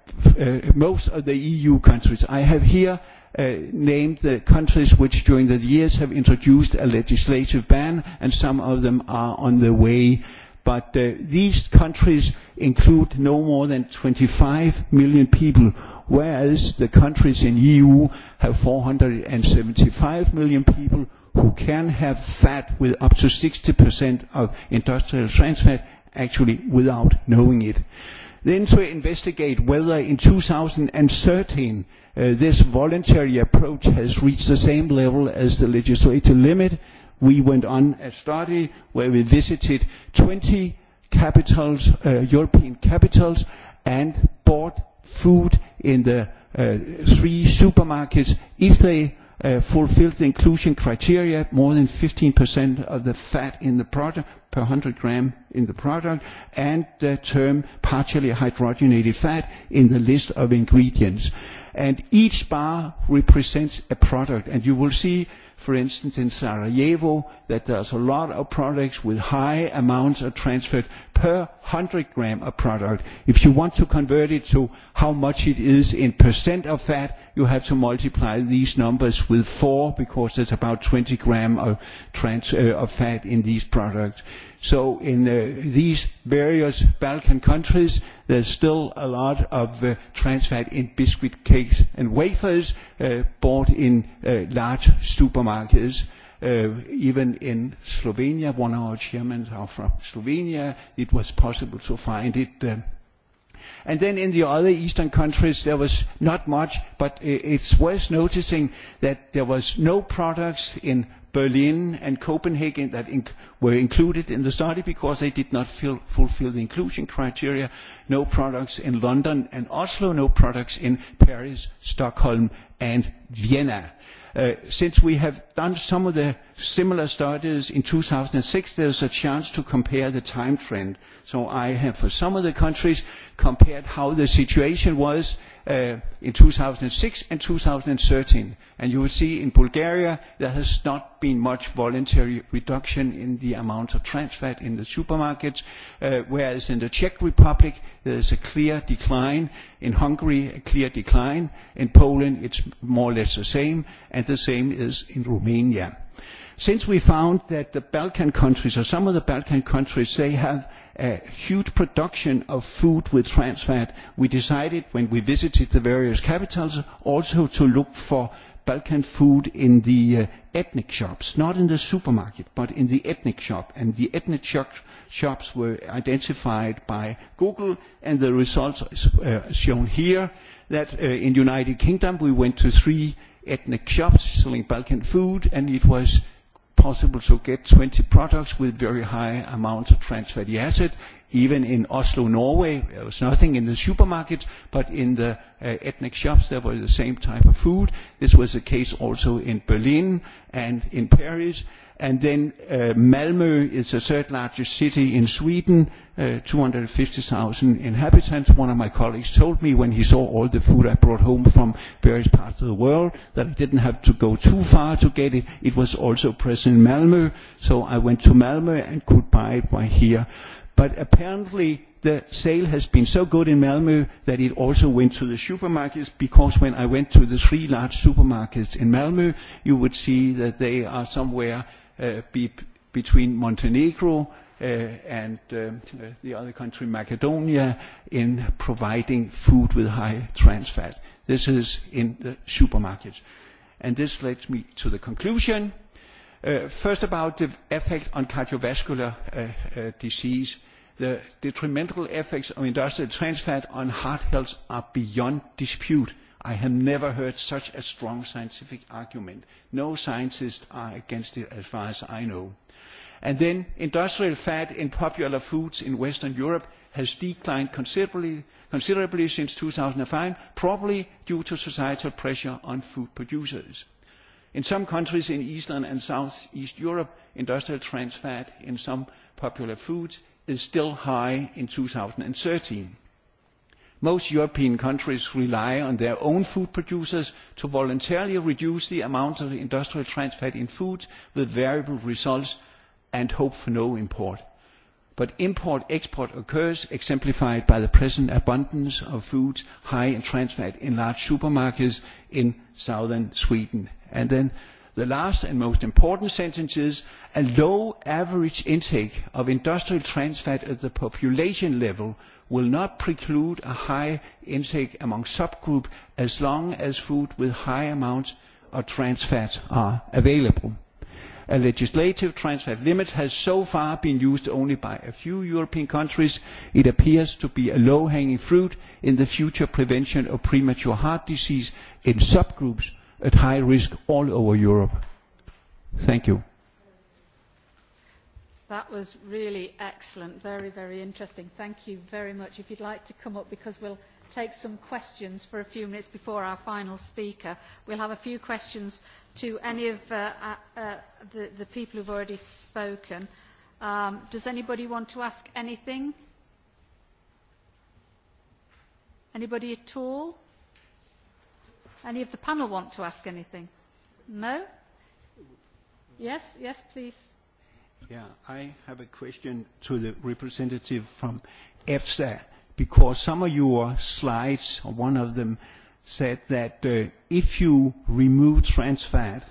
most of the EU countries. I have here named the countries which during the years have introduced a legislative ban and some of them are on the way. But these countries include no more than twenty five million people, whereas the countries in the EU have four hundred and seventy five million people who can have fat with up to 60% of industrial trans fat actually without knowing it then to investigate whether in 2013 uh, this voluntary approach has reached the same level as the legislative limit. We went on a study where we visited twenty capitals, uh, European capitals, and bought food in the uh, three supermarkets if they uh, fulfilled the inclusion criteria, more than 15% of the fat in the product per 100 gram in the product, and the term partially hydrogenated fat in the list of ingredients. And each bar represents a product, and you will see for instance, in Sarajevo, that there's a lot of products with high amounts of transferred per 100 gram of product. If you want to convert it to how much it is in percent of fat, you have to multiply these numbers with four because there's about 20 gram of, trans, uh, of fat in these products. So in uh, these various Balkan countries, there's still a lot of uh, trans fat in biscuit cakes and wafers uh, bought in uh, large supermarkets. Uh, even in Slovenia, one of our chairmen are from Slovenia, it was possible to find it. Uh, And then in the other eastern countries, there was not much, but it's worth noticing that there was no products in Berlin and Copenhagen that inc were included in the study because they did not feel, fulfill the inclusion criteria. No products in London and Oslo, no products in Paris, Stockholm and Vienna since we have done some of the similar studies in two thousand and six there is a chance to compare the time trend. so i have for some of the countries compared how the situation was in thousand and six And you will see in Bulgaria there has not been much voluntary reduction in the amount of trans fat in the supermarkets, whereas in the Czech Republic there is a clear decline, in Hungary a clear decline, in Poland it is more or less the same, and the same is in Romania. Since we found that the Balkan countries, or some of the Balkan countries, they have a huge production of food with trans fat. We decided when we visited the various capitals also to look for Balkan food in the uh, ethnic shops, not in the supermarket, but in the ethnic shop. And the ethnic shops were identified by Google, and the results are uh, shown here that uh, in the United Kingdom we went to three ethnic shops selling Balkan food, and it was possible to get 20 products with very high amounts of trans fatty acid Even in Oslo, Norway, there was nothing in the supermarkets, but in the uh, ethnic shops there was the same type of food. This was the case also in Berlin and in Paris. And then uh, Malmö is the third largest city in Sweden, uh, 250,000 inhabitants. One of my colleagues told me when he saw all the food I brought home from various parts of the world that I didn't have to go too far to get it. It was also present in Malmö, so I went to Malmö and could buy it by here. But apparently the sale has been so good in Malmö that it also went to the supermarkets because when I went to the three large supermarkets in Malmö, you would see that they are somewhere uh, be between Montenegro uh, and uh, the other country, Macedonia, in providing food with high trans fat. This is in the supermarkets. And this leads me to the conclusion First, about the effect on cardiovascular disease. The detrimental effects of industrial trans fat on heart health are beyond dispute. I have never heard such a strong scientific argument. No scientists are against it as far as I know. And then industrial fat in popular foods in Western Europe has declined considerably, considerably since 2005, probably due to societal pressure on food producers. In some countries in Eastern and Southeast Europe, industrial trans fat in some popular foods is still high in thirteen. Most European countries rely on their own food producers to voluntarily reduce the amount of industrial trans fat in food with variable results and hope for no import but import-export occurs, exemplified by the present abundance of food high in trans fat in large supermarkets in southern Sweden. And then the last and most important sentence is, a low average intake of industrial trans fat at the population level will not preclude a high intake among subgroups as long as food with high amounts of trans fat are available a legislative transfer limit has so far been used only by a few European countries. It appears to be a low-hanging fruit in the future prevention of premature heart disease in subgroups at high risk all over Europe. Thank you. That was really excellent. Very, very interesting. Thank you very much. If you'd like to come up, because we'll take some questions for a few minutes before our final speaker. We'll have a few questions to any of uh, uh, the, the people who've already spoken. Um, does anybody want to ask anything? Anybody at all? Any of the panel want to ask anything? No? Yes, yes, please. Yeah, I have a question to the representative from EFSA because some of your slides, or one of them, said that uh, if you remove trans fat,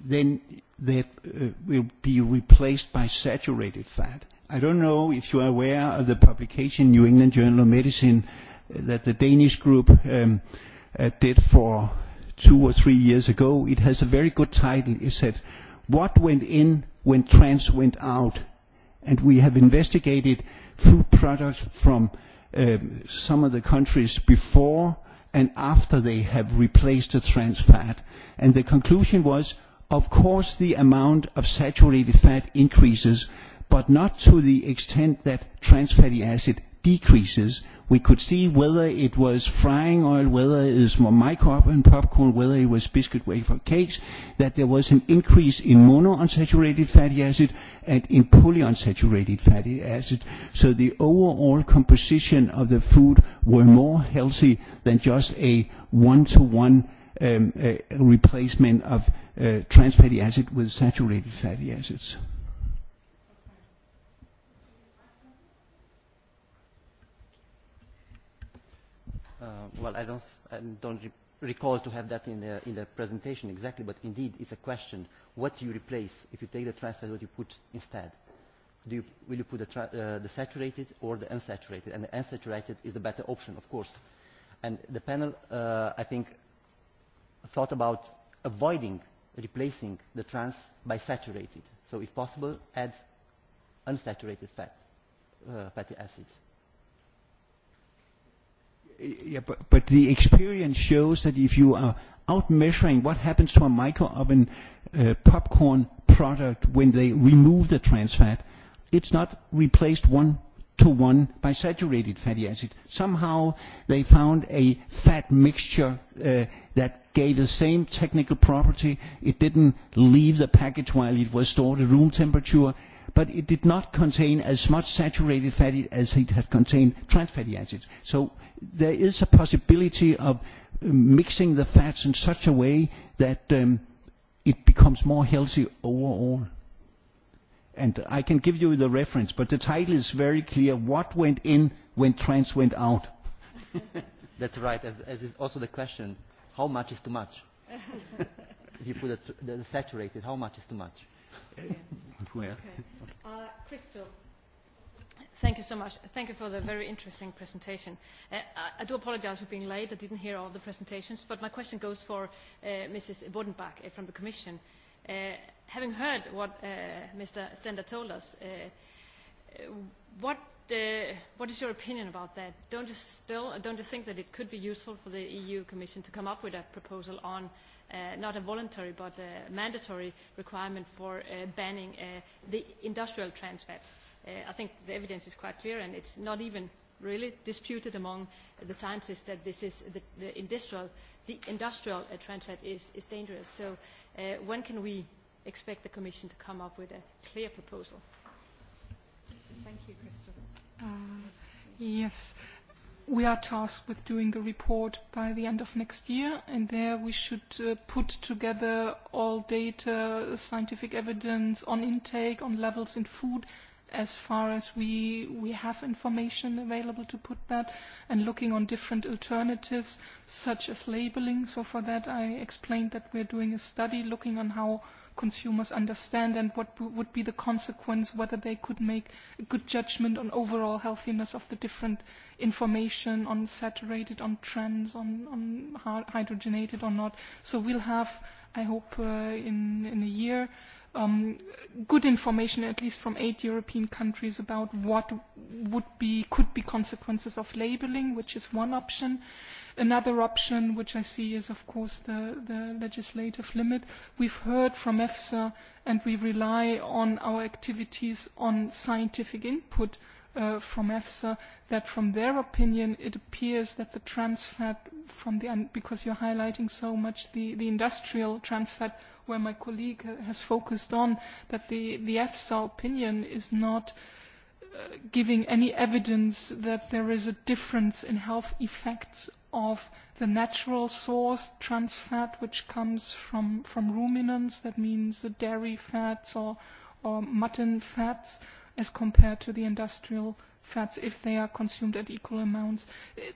then that uh, will be replaced by saturated fat. I don't know if you are aware of the publication New England Journal of Medicine that the Danish group um, uh, did for two or three years ago. It has a very good title. It said, What went in when trans went out? And we have investigated food products from uh, some of the countries before and after they have replaced the trans fat. And the conclusion was, of course, the amount of saturated fat increases, but not to the extent that trans fatty acid decreases, we could see whether it was frying oil, whether it was microwave popcorn, whether it was biscuit wafer cakes, that there was an increase in monounsaturated fatty acid and in polyunsaturated fatty acid. So the overall composition of the food were more healthy than just a one-to-one um, uh, replacement of uh, trans fatty acid with saturated fatty acids. uh, well, I don't, I don't re recall to have that in the, in the presentation exactly, but indeed it's a question. What do you replace if you take the trans fat, what do you put instead? Do you, will you put the, tra uh, the saturated or the unsaturated? And the unsaturated is the better option, of course. And the panel, uh, I think, thought about avoiding replacing the trans by saturated. So if possible, add unsaturated fat, uh, fatty acids yeah, but, but the experience shows that if you are out measuring what happens to a micro oven uh, popcorn product when they remove the trans fat, it's not replaced one to one by saturated fatty acid. Somehow they found a fat mixture uh, that gave the same technical property. It didn't leave the package while it was stored at room temperature but it did not contain as much saturated fatty as it had contained trans fatty acids. So there is a possibility of mixing the fats in such a way that um, it becomes more healthy overall. And I can give you the reference, but the title is very clear. What went in when trans went out? That's right, as, as is also the question, how much is too much? if you put it, the saturated, how much is too much? Okay. Uh, Crystal. Thank you so much. Thank you for the very interesting presentation. Uh, I, I do apologize for being late. I didn't hear all the presentations, but my question goes for uh, Mrs. Bodenbach uh, from the Commission. Uh, having heard what uh, Mr. Stender told us, uh, what, uh, what is your opinion about that? Don't you, still, don't you think that it could be useful for the EU Commission to come up with a proposal on uh, uh, not a voluntary but a mandatory requirement for uh, banning uh, the industrial trans fats. Uh, I think the evidence is quite clear and it's not even really disputed among the scientists that this is the, the industrial, the industrial uh, trans fat is, is dangerous. So uh, when can we expect the Commission to come up with a clear proposal? Thank you, Crystal. Uh, yes we are tasked with doing the report by the end of next year, and there we should uh, put together all data, scientific evidence on intake, on levels in food, as far as we, we have information available to put that, and looking on different alternatives, such as labeling. So for that, I explained that we're doing a study looking on how consumers understand and what would be the consequence, whether they could make a good judgment on overall healthiness of the different information on saturated, on trends, on, on hydrogenated or not. So we'll have, I hope, uh, in, in a year, um, good information, at least from eight European countries, about what would be, could be consequences of labeling, which is one option Another option which I see is, of course, the, the legislative limit. We've heard from EFSA and we rely on our activities on scientific input uh, from EFSA that from their opinion it appears that the trans fat from the, because you're highlighting so much the, the industrial trans fat where my colleague has focused on, that the, the EFSA opinion is not uh, giving any evidence that there is a difference in health effects of the natural source trans fat which comes from, from ruminants, that means the dairy fats or, or mutton fats, as compared to the industrial fats if they are consumed at equal amounts.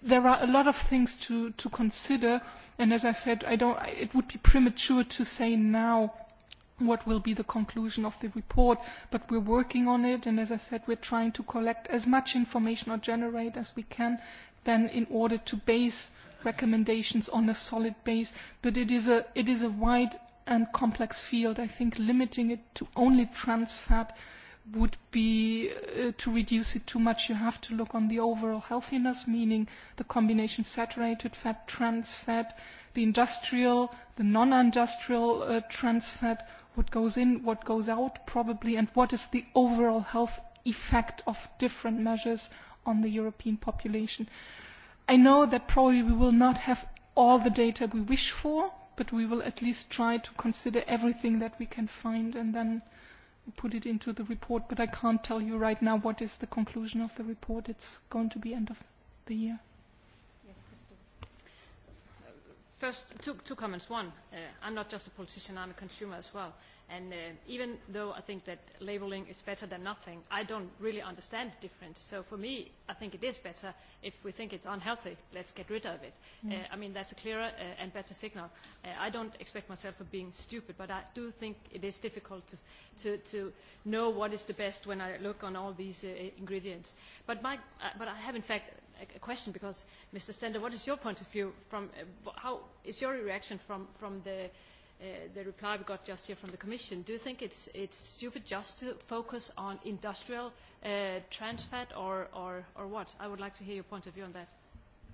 There are a lot of things to, to consider, and as I said, I don't, it would be premature to say now what will be the conclusion of the report but we are working on it and as i said we are trying to collect as much information or generate as we can then in order to base recommendations on a solid base but it is a wide and complex field. i think limiting it to only trans fat would be to reduce it too much. you have to look at the overall healthiness meaning the combination saturated fat trans fat the industrial the non industrial trans fat what goes in, what goes out probably, and what is the overall health effect of different measures on the European population. I know that probably we will not have all the data we wish for, but we will at least try to consider everything that we can find and then put it into the report. But I can't tell you right now what is the conclusion of the report. It's going to be end of the year. First, two, two comments. One, uh, I'm not just a politician, I'm a consumer as well. And uh, even though I think that labeling is better than nothing, I don't really understand the difference. So for me, I think it is better. If we think it's unhealthy, let's get rid of it. Mm. Uh, I mean, that's a clearer uh, and better signal. Uh, I don't expect myself for being stupid, but I do think it is difficult to, to, to know what is the best when I look on all these uh, ingredients. But, my, uh, but I have, in fact, a question because, Mr. Stender, what is your point of view from, uh, how is your reaction from, from the, uh, the reply we got just here from the Commission? Do you think it's, it's stupid just to focus on industrial uh, trans fat or, or, or what? I would like to hear your point of view on that.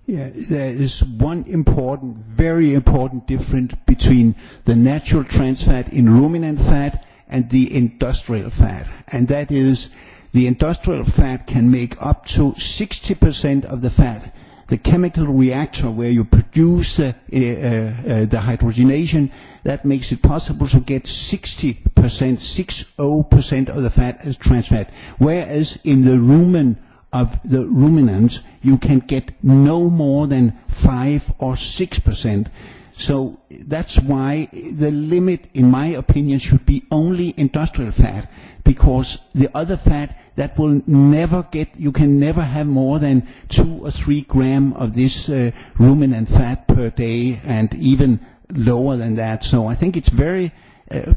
Yeah, there is one important, very important difference between the natural trans fat in ruminant fat and the industrial fat, and that is The industrial fat can make up to 60% of the fat. The chemical reactor where you produce the, uh, uh, the hydrogenation, that makes it possible to get 60%, 60% of the fat as trans fat. Whereas in the rumen of the ruminants, you can get no more than 5 or 6%. So that's why the limit, in my opinion, should be only industrial fat, because the other fat that will never get, you can never have more than two or three gram of this uh, ruminant fat per day, and even lower than that. So I think it's very uh,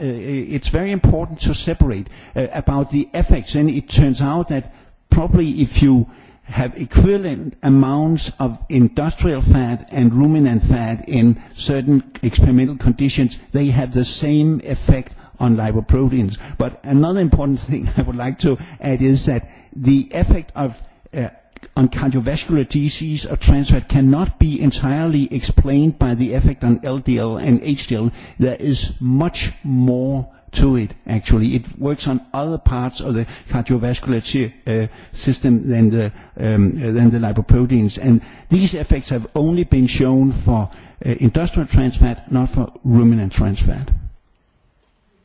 it's very important to separate uh, about the effects. And it turns out that probably if you uh, have equivalent amounts of industrial fat and ruminant fat in certain experimental conditions, they have the same effect on lipoproteins. But another important thing I would like to add is that the effect of uh, on cardiovascular disease or trans fat cannot be entirely explained by the effect on LDL and HDL. There is much more to it, actually. It works on other parts of the cardiovascular uh, system than the, um, than the lipoproteins. And these effects have only been shown for uh, industrial trans fat, not for ruminant trans fat.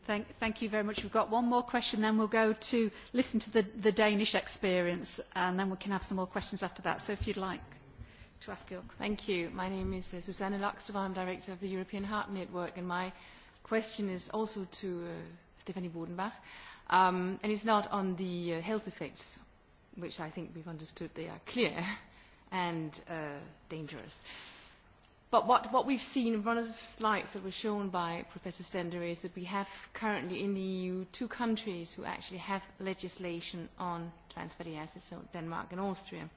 Thank, thank you very much. We've got one more question, then we'll go to listen to the, the Danish experience, and then we can have some more questions after that. So if you'd like to ask your question. Thank you. My name is uh, Susanne Luxtov. I'm director of the European Heart Network, and my question is also to uh, Stephanie Bodenbach, um, and it's not on the uh, health effects, which I think we've understood they are clear and uh, dangerous. But what, what we've seen, in one of the slides that was shown by Professor Stender is that we have currently in the EU two countries who actually have legislation on trans fatty acids, so Denmark and Austria.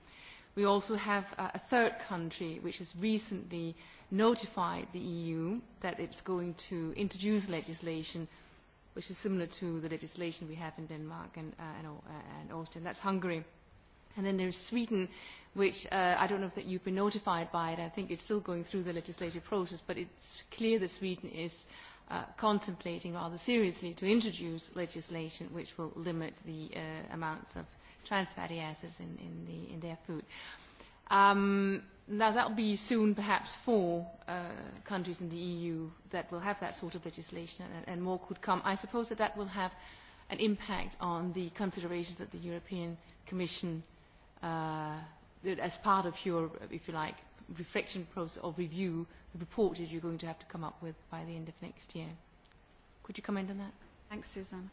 We also have a third country which has recently notified the EU that it is going to introduce legislation which is similar to the legislation we have in Denmark and, uh, and, and Austria, and that's Hungary. And then there's Sweden, which uh, I don't know if that you've been notified by it. I think it's still going through the legislative process, but it's clear that Sweden is uh, contemplating rather seriously to introduce legislation which will limit the uh, amounts of trans fatty acids in, in, the, in their food. Um, now that will be soon perhaps four uh, countries in the EU that will have that sort of legislation and, and more could come. I suppose that that will have an impact on the considerations that the European Commission uh, as part of your, if you like, reflection process or review, the report that you're going to have to come up with by the end of next year. Could you comment on that? Thanks, Susan.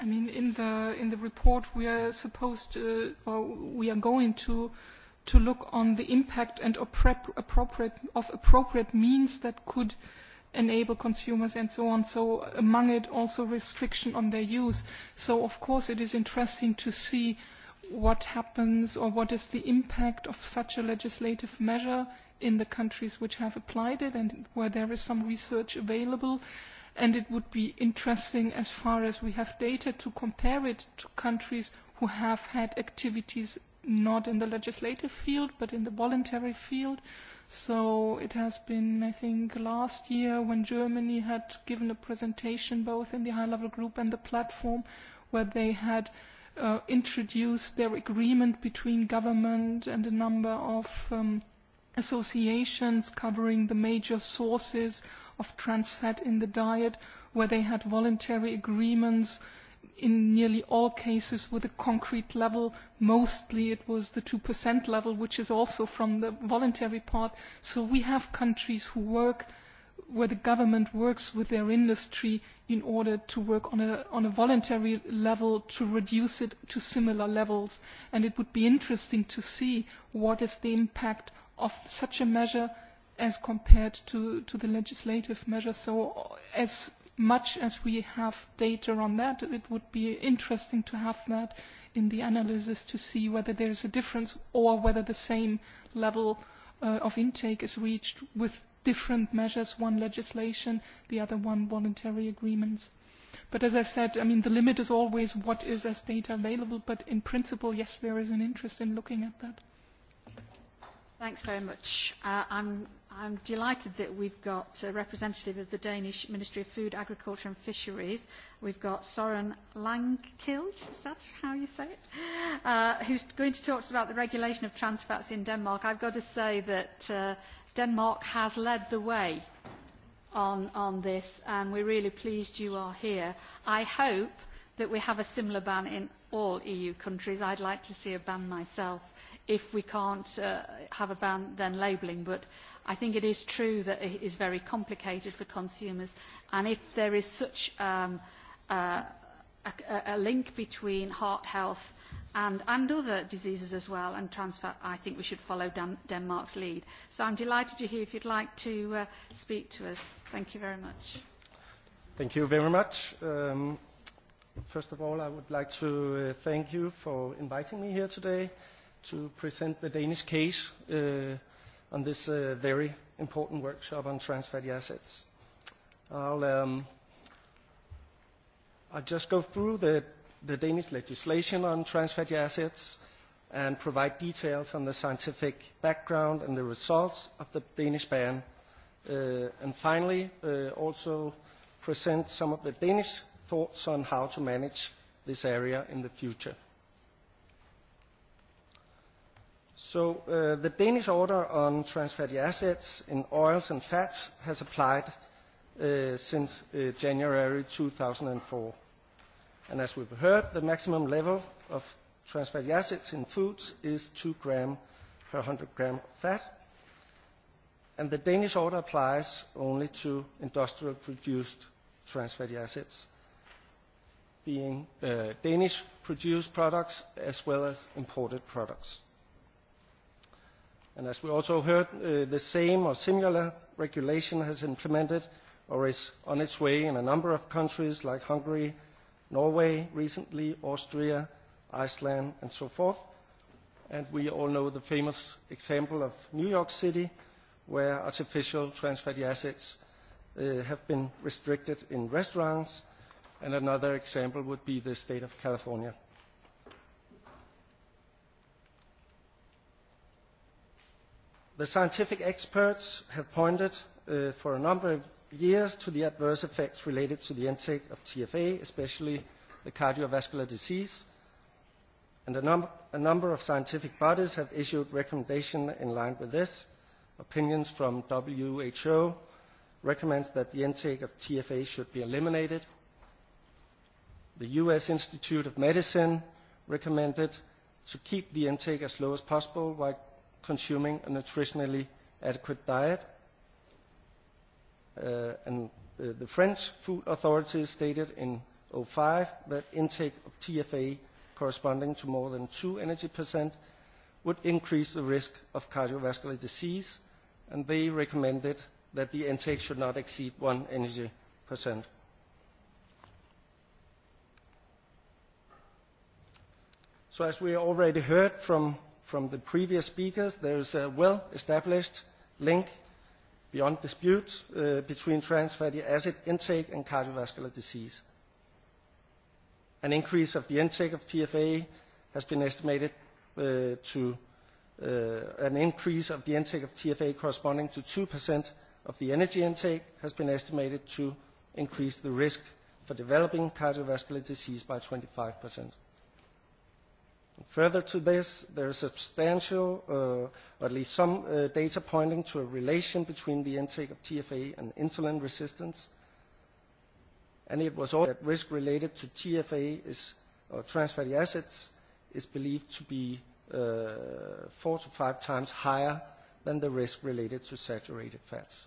I mean, in the in the report, we are supposed, to or we are going to to look on the impact and appropriate of appropriate means that could enable consumers and so on. So among it also restriction on their use. So of course it is interesting to see what happens or what is the impact of such a legislative measure in the countries which have applied it and where there is some research available and it would be interesting as far as we have data to compare it to countries who have had activities not in the legislative field but in the voluntary field. So it has been, I think, last year when Germany had given a presentation both in the high level group and the platform where they had uh, introduced their agreement between government and a number of um, associations covering the major sources of trans fat in the diet, where they had voluntary agreements in nearly all cases with a concrete level. Mostly it was the 2% level, which is also from the voluntary part. So we have countries who work where the government works with their industry in order to work on a, on a voluntary level to reduce it to similar levels. And it would be interesting to see what is the impact of such a measure as compared to, to the legislative measures. So as much as we have data on that, it would be interesting to have that in the analysis to see whether there is a difference or whether the same level uh, of intake is reached with different measures, one legislation, the other one voluntary agreements. But as I said, I mean, the limit is always what is as data available, but in principle, yes, there is an interest in looking at that. Thanks very much. Uh, I'm I'm delighted that we've got a representative of the Danish Ministry of Food, Agriculture and Fisheries. We've got Soren Langkild, is that how you say it? Uh, who's going to talk to us about the regulation of trans fats in Denmark. I've got to say that uh, Denmark has led the way on, on this and we're really pleased you are here. I hope that we have a similar ban in all EU countries. I'd like to see a ban myself if we can't uh, have a ban then labelling. But I think it is true that it is very complicated for consumers. And if there is such um, uh, a, a link between heart health and, and other diseases as well and trans fat, I think we should follow Dan, Denmark's lead. So I'm delighted you're here if you'd like to uh, speak to us. Thank you very much. Thank you very much. Um, first of all, I would like to uh, thank you for inviting me here today. Uh, to present the Danish case uh, on this uh, very important workshop on trans fatty acids. I'll, um, I'll just go through the, the Danish legislation on trans fatty acids and provide details on the scientific background and the results of the Danish ban. Uh, and finally, uh, also present some of the Danish thoughts on how to manage this area in the future. So uh, the Danish order on trans fatty acids in oils and fats has applied uh, since uh, January 2004. And as we've heard, the maximum level of trans fatty acids in foods is 2 gram per 100 gram of fat. And the Danish order applies only to industrial produced trans fatty acids, being uh, Danish produced products as well as imported products and as we also heard, uh, the same or similar regulation has implemented or is on its way in a number of countries like Hungary, Norway recently, Austria, Iceland, and so forth. And we all know the famous example of New York City, where artificial trans fatty acids uh, have been restricted in restaurants. And another example would be the state of California. The scientific experts have pointed uh, for a number of years to the adverse effects related to the intake of TFA, especially the cardiovascular disease, and a, num a number of scientific bodies have issued recommendations in line with this. Opinions from WHO recommends that the intake of TFA should be eliminated. The US Institute of Medicine recommended to keep the intake as low as possible while consuming a nutritionally adequate diet. Uh, and uh, the French food authorities stated in 05 that intake of TFA corresponding to more than 2 energy percent would increase the risk of cardiovascular disease, and they recommended that the intake should not exceed 1 energy percent. So as we already heard from from the previous speakers, there is a well-established link beyond dispute between trans fatty acid intake and cardiovascular disease. An increase of the intake of TFA has been estimated to an increase of the intake of TFA corresponding to 2% of the energy intake has been estimated to increase the risk for developing cardiovascular disease by 25%. Further to this, there is substantial, uh, or at least some uh, data pointing to a relation between the intake of TFA and insulin resistance. And it was also that risk related to TFA is, or trans fatty acids is believed to be uh, four to five times higher than the risk related to saturated fats.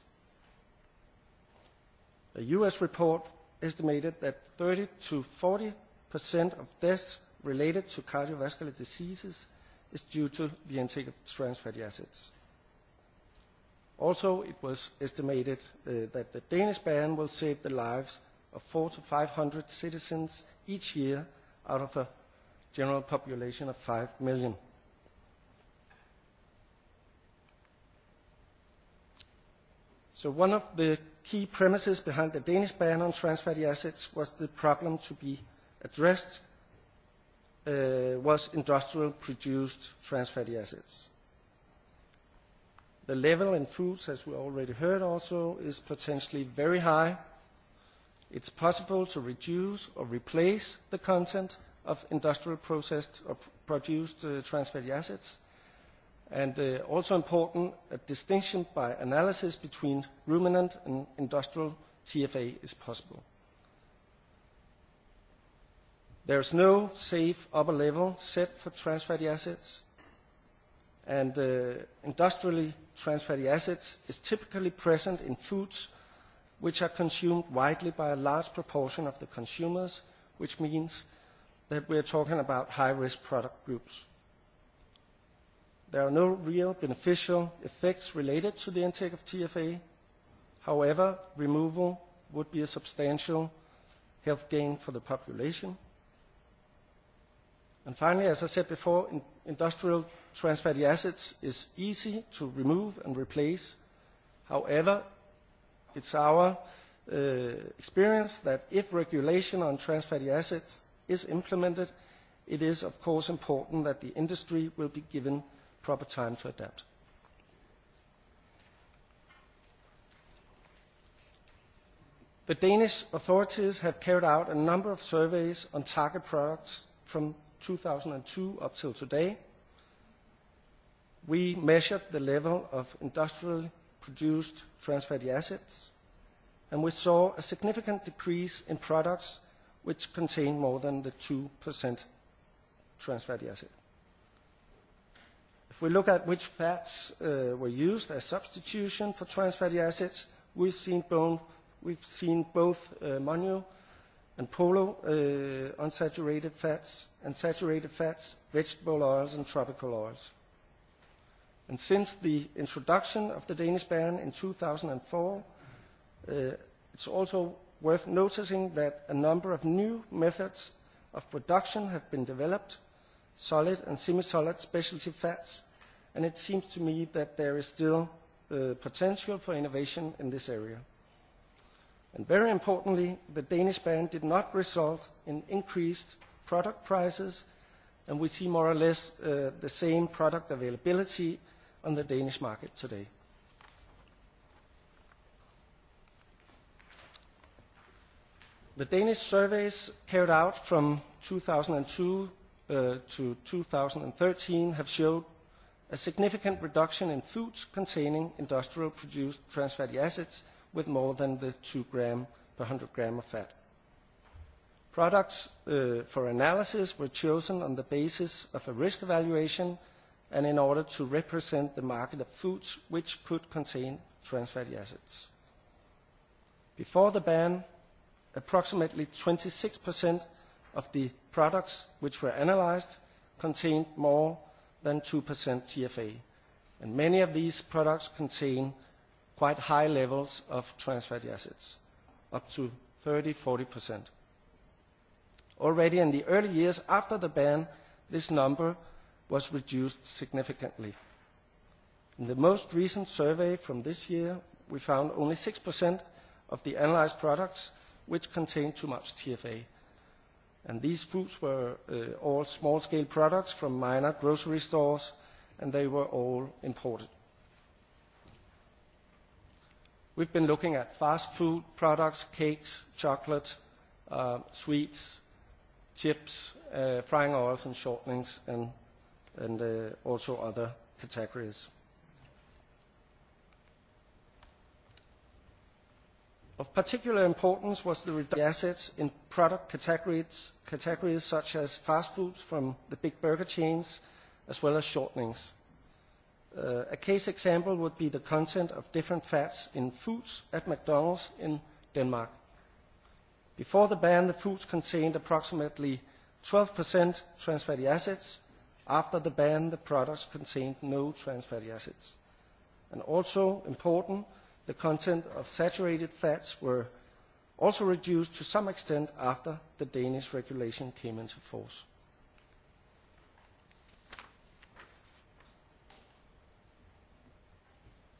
A US report estimated that 30 to 40 percent of deaths related to cardiovascular diseases is due to the intake of trans fatty acids. Also, it was estimated uh, that the Danish ban will save the lives of four to 500 citizens each year out of a general population of 5 million. So one of the key premises behind the Danish ban on trans fatty acids was the problem to be addressed uh, was industrial produced trans fatty acids. The level in foods, as we already heard also, is potentially very high. It's possible to reduce or replace the content of industrial processed or produced uh, trans fatty acids. And uh, also important, a distinction by analysis between ruminant and industrial TFA is possible. There is no safe upper level set for trans fatty acids, and uh, industrially trans fatty acids is typically present in foods which are consumed widely by a large proportion of the consumers, which means that we are talking about high-risk product groups. There are no real beneficial effects related to the intake of TFA. However, removal would be a substantial health gain for the population – And finally, as I said before, industrial trans fatty acids is easy to remove and replace. However, it's our uh, experience that if regulation on trans fatty acids is implemented, it is of course important that the industry will be given proper time to adapt. The Danish authorities have carried out a number of surveys on target products from 2002 up till today, we measured the level of industrially produced trans fatty acids, and we saw a significant decrease in products which contain more than the 2% trans fatty acid. If we look at which fats uh, were used as substitution for trans fatty acids, we've seen, both we've seen both uh, mono and polo uh, unsaturated fats and saturated fats, vegetable oils and tropical oils. And since the introduction of the Danish ban in 2004, uh, it's also worth noticing that a number of new methods of production have been developed, solid and semi-solid specialty fats, and it seems to me that there is still uh, potential for innovation in this area very importantly the danish ban did not result in increased product prices and we see more or less the same product availability on the danish market today. The Danish surveys carried out from 2002 two to 2013 have showed a significant reduction in foods containing industrial produced trans fatty acids with more than the 2 gram per 100 gram of fat. Products uh, for analysis were chosen on the basis of a risk evaluation and in order to represent the market of foods which could contain trans fatty acids. Before the ban, approximately 26% of the products which were analyzed contained more than 2% TFA, and many of these products contain quite high levels of trans fatty acids, up to 30-40%. Already in the early years after the ban, this number was reduced significantly. In the most recent survey from this year, we found only 6% of the analyzed products which contained too much TFA. And these foods were uh, all small-scale products from minor grocery stores, and they were all imported. We've been looking at fast food products, cakes, chocolate, uh, sweets, chips, uh, frying oils and shortenings, and, and uh, also other categories. Of particular importance was the reduction of assets in product categories, categories such as fast foods from the big burger chains, as well as shortenings. Uh, a case example would be the content of different fats in foods at McDonald's in Denmark. Before the ban, the foods contained approximately 12% trans fatty acids. After the ban, the products contained no trans fatty acids. And also important, the content of saturated fats were also reduced to some extent after the Danish regulation came into force.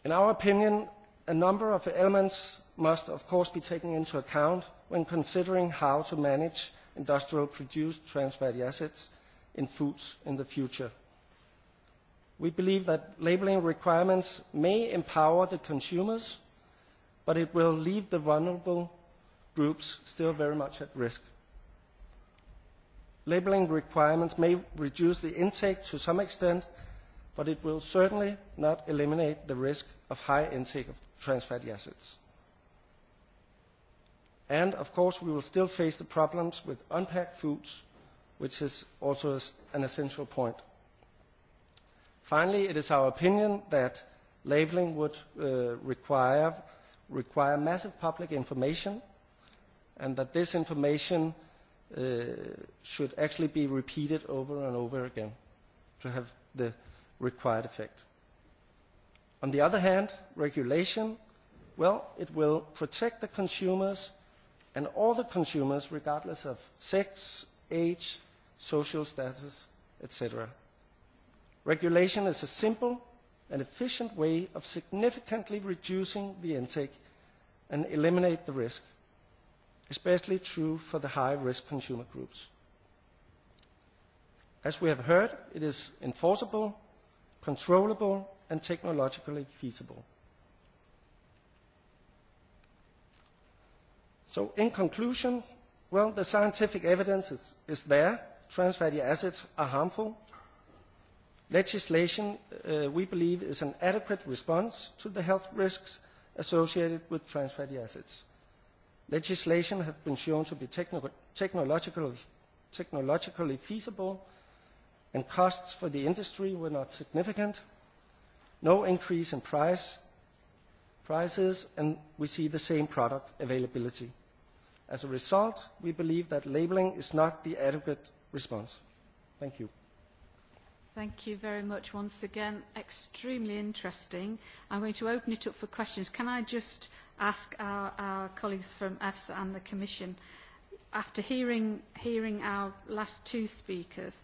in our opinion a number of elements must of course be taken into account when considering how to manage industrial produced trans fatty acids in foods in the future. We believe that labelling requirements may empower the consumers, but it will leave the vulnerable groups still very much at risk. Labelling requirements may reduce the intake to some extent, but it will certainly not eliminate the risk of high intake of trans fatty acids. And of course, we will still face the problems with unpacked foods, which is also an essential point. Finally, it is our opinion that labeling would uh, require, require massive public information and that this information uh, should actually be repeated over and over again to have the required effect. On the other hand, regulation, well, it will protect the consumers and all the consumers regardless of sex, age, social status, etc. Regulation is a simple and efficient way of significantly reducing the intake and eliminate the risk, especially true for the high-risk consumer groups. As we have heard, it is enforceable controllable and technologically feasible. So in conclusion, well, the scientific evidence is, is there. Trans fatty acids are harmful. Legislation, uh, we believe, is an adequate response to the health risks associated with trans fatty acids. Legislation has been shown to be technological technologically feasible and costs for the industry were not significant. No increase in price, prices, and we see the same product availability. As a result, we believe that labeling is not the adequate response. Thank you. Thank you very much once again. Extremely interesting. I'm going to open it up for questions. Can I just ask our, our colleagues from EFSA and the Commission, after hearing, hearing our last two speakers,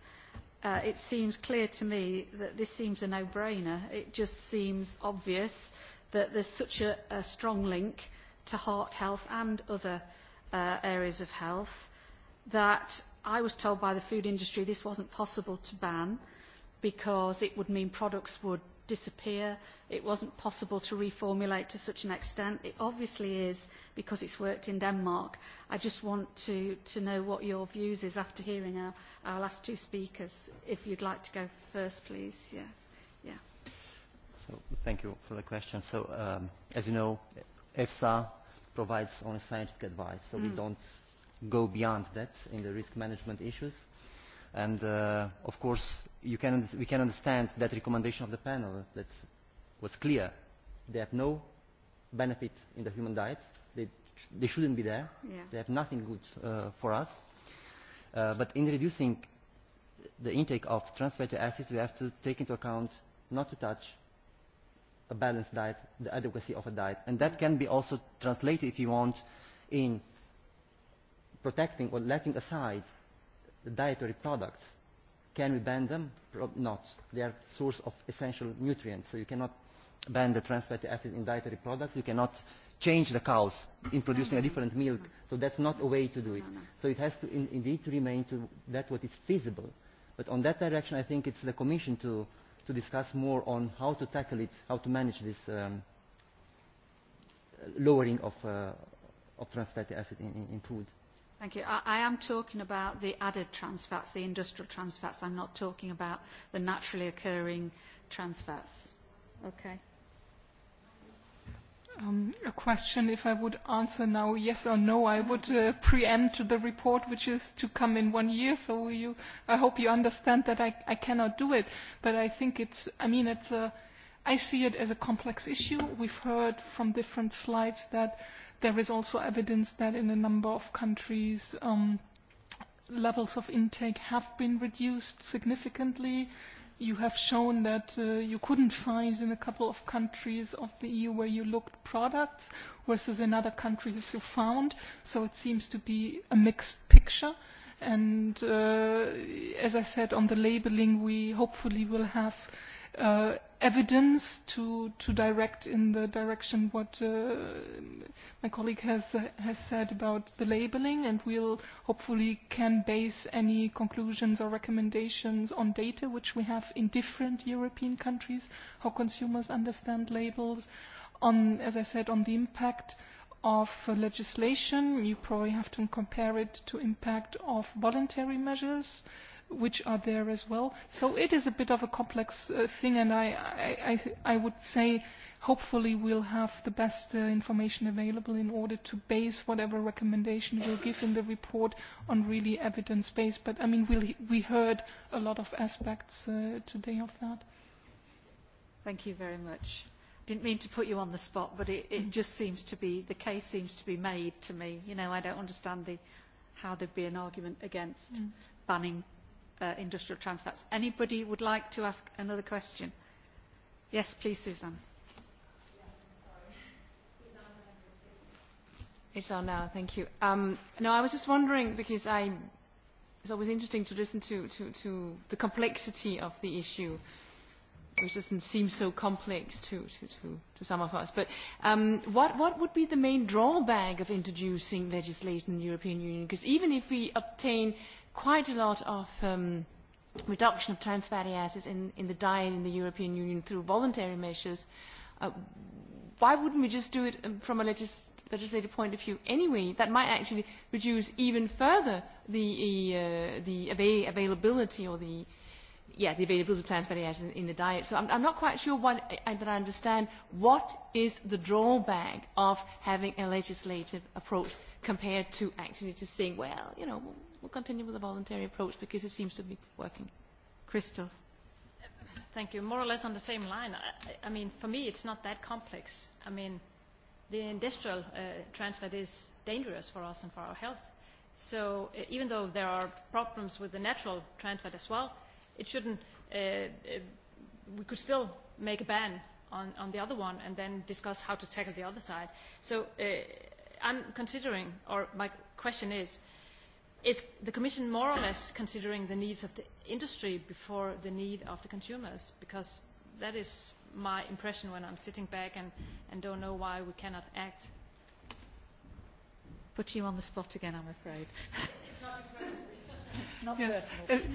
it seems clear to me that this seems a no-brainer. It just seems obvious that there's such a, a strong link to heart health and other uh, areas of health that I was told by the food industry this wasn't possible to ban because it would mean products would disappear. It wasn't possible to reformulate to such an extent. It obviously is because it's worked in Denmark. I just want to, to know what your views is after hearing our, our last two speakers. If you'd like to go first, please. Yeah. yeah. So, thank you for the question. So, um, as you know, EFSA provides only scientific advice, so mm. we don't go beyond that in the risk management issues And uh, of course, you can, we can understand that recommendation of the panel that was clear. They have no benefit in the human diet. They, they shouldn't be there. Yeah. They have nothing good uh, for us. Uh, but in reducing the intake of trans fatty acids, we have to take into account not to touch a balanced diet, the adequacy of a diet. And that can be also translated, if you want, in protecting or letting aside the dietary products. Can we ban them? Not. They are a source of essential nutrients, so you cannot ban the trans fatty acid in dietary products. You cannot change the cows in producing a different milk, so that's not a way to do it. So it has to in, indeed to remain to that what is feasible. But on that direction, I think it's the Commission to, to discuss more on how to tackle it, how to manage this um, lowering of, uh, of trans fatty acid in, in, in food. Thank you. I, I am talking about the added trans fats, the industrial trans fats. I'm not talking about the naturally occurring trans fats. Okay. Um, a question, if I would answer now yes or no, I would uh, preempt the report which is to come in one year, so you, I hope you understand that I, I cannot do it. But I think it's, I mean, it's a, I see it as a complex issue. We've heard from different slides that There is also evidence that in a number of countries, um, levels of intake have been reduced significantly. You have shown that uh, you couldn't find in a couple of countries of the EU where you looked products, versus in other countries you found. So it seems to be a mixed picture and uh, as I said on the labeling we hopefully will have uh, uh, evidence to, to direct in the direction what uh, my colleague has, uh, has said about the labeling and we'll hopefully can base any conclusions or recommendations on data which we have in different European countries, how consumers understand labels, on, as I said, on the impact of legislation. You probably have to compare it to impact of voluntary measures, uh, which are there as well. So it is a bit of a complex uh, thing, and I, I, I, I would say hopefully we'll have the best uh, information available in order to base whatever recommendation we'll give in the report on really evidence-based. But I mean, we'll, we heard a lot of aspects uh, today of that. Thank you very much. Didn't mean to put you on the spot, but it, it just seems to be, the case seems to be made to me. You know, I don't understand the, how there'd be an argument against mm. banning industrial fats. Anybody would like to ask another question? Yes, please, Suzanne. It's on now, thank you. Um, no, I was just wondering because I, it's always interesting to listen to, to, to the complexity of the issue This doesn't seem so complex to, to, to, to some of us. But um, what, what would be the main drawback of introducing legislation in the European Union? Because even if we obtain quite a lot of um, reduction of trans fatty acids in, in the diet in the European Union through voluntary measures, uh, why wouldn't we just do it from a legis legislative point of view anyway? That might actually reduce even further the, uh, the availability or the uh, yeah, the availability of fatty acids in the diet. So I'm, I'm not quite sure what, I, that I understand what is the drawback of having a legislative approach compared to actually just saying, well, you know, we'll, we'll continue with the voluntary approach because it seems to be working. Christoph. Thank you. More or less on the same line. I, I mean, for me, it's not that complex. I mean, the industrial uh, trans fat is dangerous for us and for our health. So uh, even though there are problems with the natural trans fat as well, it shouldn't we could still make a ban on, on the other one and then discuss how to tackle the other side. So uh, I'm considering, or my question is, is the Commission more or less considering the needs of the industry before the need of the consumers? Because that is my impression when I'm sitting back and, and don't know why we cannot act. Put you on the spot again, I'm afraid. It's not impressive.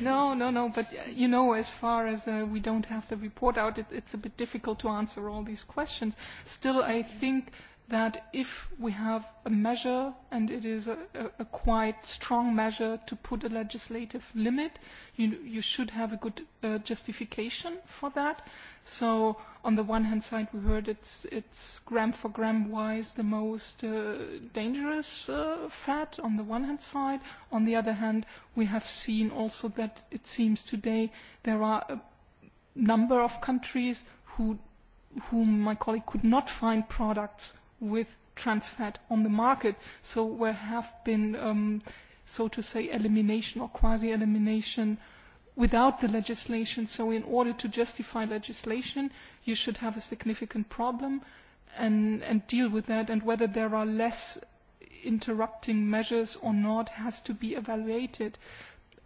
No, no, no. But you know, as far as uh, we don't have the report out, it, it's a bit difficult to answer all these questions. Still, I think that if we have a measure, and it is a, a quite strong measure to put a legislative limit, you, should have a good justification for that. So on the one hand side, we heard it's, it's gram for gram wise the most dangerous fat on the one hand side. On the other hand, we have seen also that it seems today there are a number of countries whom my colleague could not find products with trans fat on the market. So there have been, um, so to say, elimination or quasi-elimination without the legislation. So in order to justify legislation, you should have a significant problem and, and deal with that. And whether there are less interrupting measures or not has to be evaluated.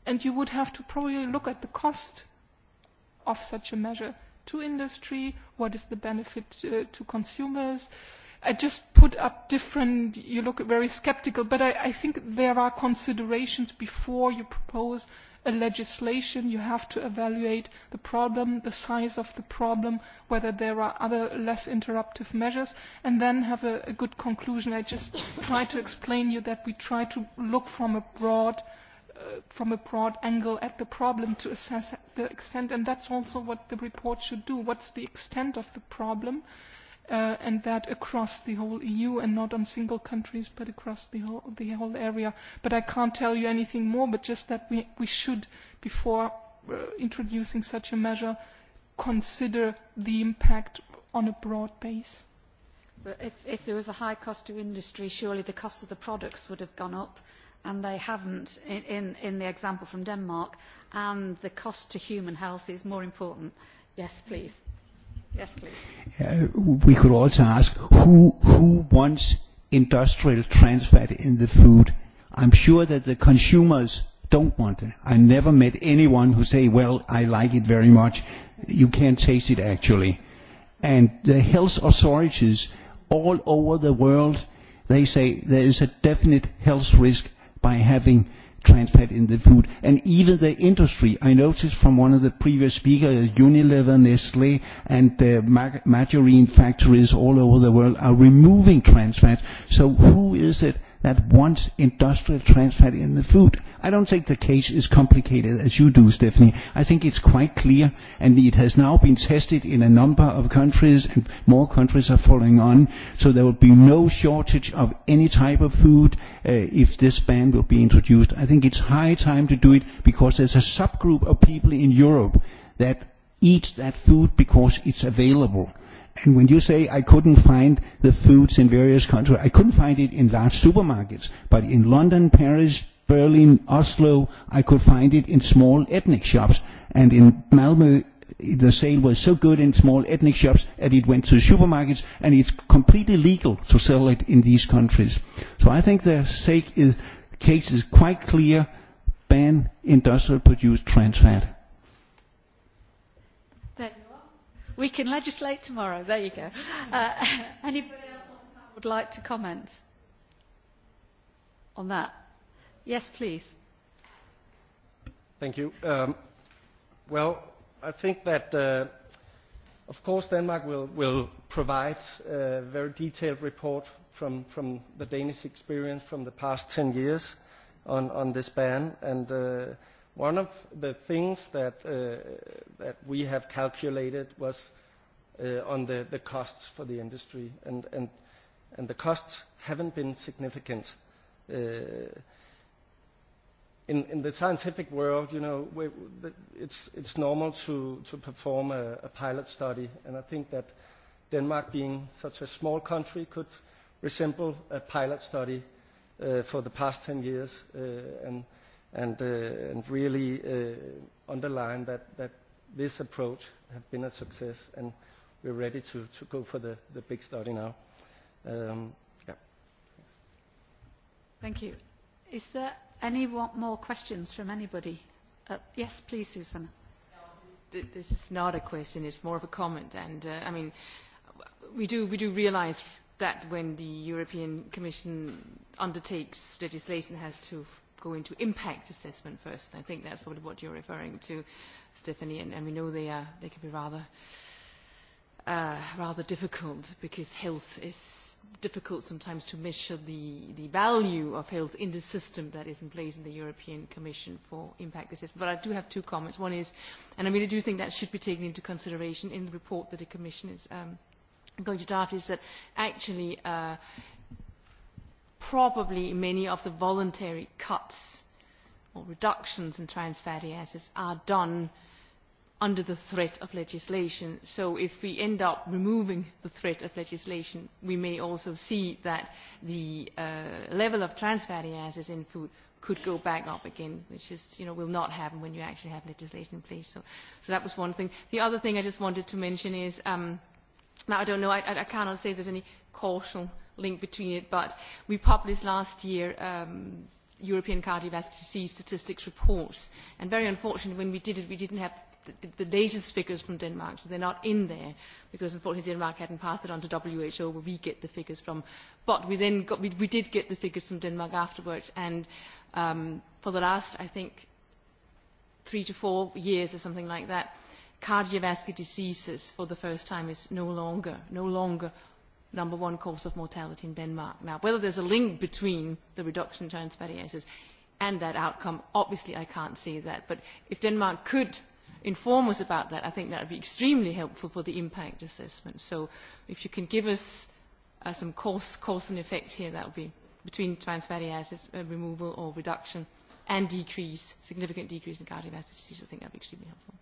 And you would have to probably look at the cost of such a measure to industry, what is the benefit uh, to consumers, uh, I just put up different, you look very sceptical, but I, I think there are considerations before you propose a legislation. You have to evaluate the problem, the size of the problem, whether there are other less interruptive measures, and then have a, a good conclusion. I just try to explain you that we try to look from a broad from a broad angle at the problem to assess the extent, and that's also what the report should do. What's the extent of the problem? Uh, and that across the whole EU and not on single countries but across the whole, the whole area. But I can't tell you anything more, but just that we, we should, before introducing such a measure, consider the impact on a broad base. But if, if there was a high cost to industry, surely the cost of the products would have gone up, and they haven't in, in, in the example from Denmark, and the cost to human health is more important. Yes, please. Yes, please. We could also ask who who wants industrial trans fat in the food? I'm sure that the consumers don't want it. I never met anyone who say, "Well, I like it very much." You can't taste it actually. And the health authorities all over the world, they say there is a definite health risk by having trans fat in the food. And even the industry, I noticed from one of the previous speakers, Unilever, Nestle, and the margarine factories all over the world are removing trans fat. So who is it that wants industrial trans fat in the food. I don't think the case is complicated as you do, Stephanie. I think it's quite clear, and it has now been tested in a number of countries, and more countries are following on. So there will be no shortage of any type of food uh, if this ban will be introduced. I think it's high time to do it because there's a subgroup of people in Europe that eats that food because it's available And when you say I couldn't find the foods in various countries, I couldn't find it in large supermarkets, but in London, Paris, Berlin, Oslo, I could find it in small ethnic shops. And in Malmö, the sale was so good in small ethnic shops that it went to supermarkets, and it's completely legal to sell it in these countries. So I think the sake is, case is quite clear: ban industrial produced trans fat. We can legislate tomorrow. There you go. Uh, anybody else on the would like to comment on that? Yes, please. Thank you. Um, well, I think that, uh, of course, Denmark will, will provide a very detailed report from, from the Danish experience from the past 10 years on, on this ban. And uh, One of the things that uh, that we have calculated was uh, on the, the costs for the industry, and and and the costs haven't been significant. Uh, in, in the scientific world, you know, we, it's, it's normal to, to perform a, a pilot study, and I think that Denmark, being such a small country, could resemble a pilot study uh, for the past 10 years, uh, and and, uh, and really uh, underline that, that this approach has been a success and we're ready to, to go for the, the big study now. Um, yeah. Thanks. Thank you. Is there any more questions from anybody? Uh, yes, please, Susan. This is not a question. It's more of a comment. And uh, I mean, we do we do realise that when the European Commission undertakes legislation, has to go into impact assessment first. I think that's probably what you're referring to, Stephanie, and, and we know they, are, they can be rather, uh, rather difficult because health is difficult sometimes to measure the, the value of health in the system that is in place in the European Commission for impact assessment. But I do have two comments. One is, and I really do think that should be taken into consideration in the report that the Commission is um, going to draft, is that actually uh, probably many of the voluntary cuts or reductions in trans fatty acids are done under the threat of legislation. So if we end up removing the threat of legislation, we may also see that the uh, level of trans fatty acids in food could go back up again, which is, you know, will not happen when you actually have legislation in place. So, so that was one thing. The other thing I just wanted to mention is, um, now I don't know, I, I cannot say there's any causal link between it, but we published last year um, European cardiovascular disease statistics reports. And very unfortunately, when we did it, we didn't have the, the latest figures from Denmark, so they're not in there, because unfortunately Denmark hadn't passed it on to WHO, where we get the figures from. But we then got, we, we did get the figures from Denmark afterwards, and um, for the last, I think, three to four years or something like that, cardiovascular diseases for the first time is no longer, no longer number one cause of mortality in Denmark. Now, whether there's a link between the reduction in trans fatty acids and that outcome, obviously I can't see that. But if Denmark could inform us about that, I think that would be extremely helpful for the impact assessment. So if you can give us uh, some cause, cause and effect here, that would be between trans fatty acids uh, removal or reduction and decrease, significant decrease in cardiovascular disease, I think that would be extremely helpful.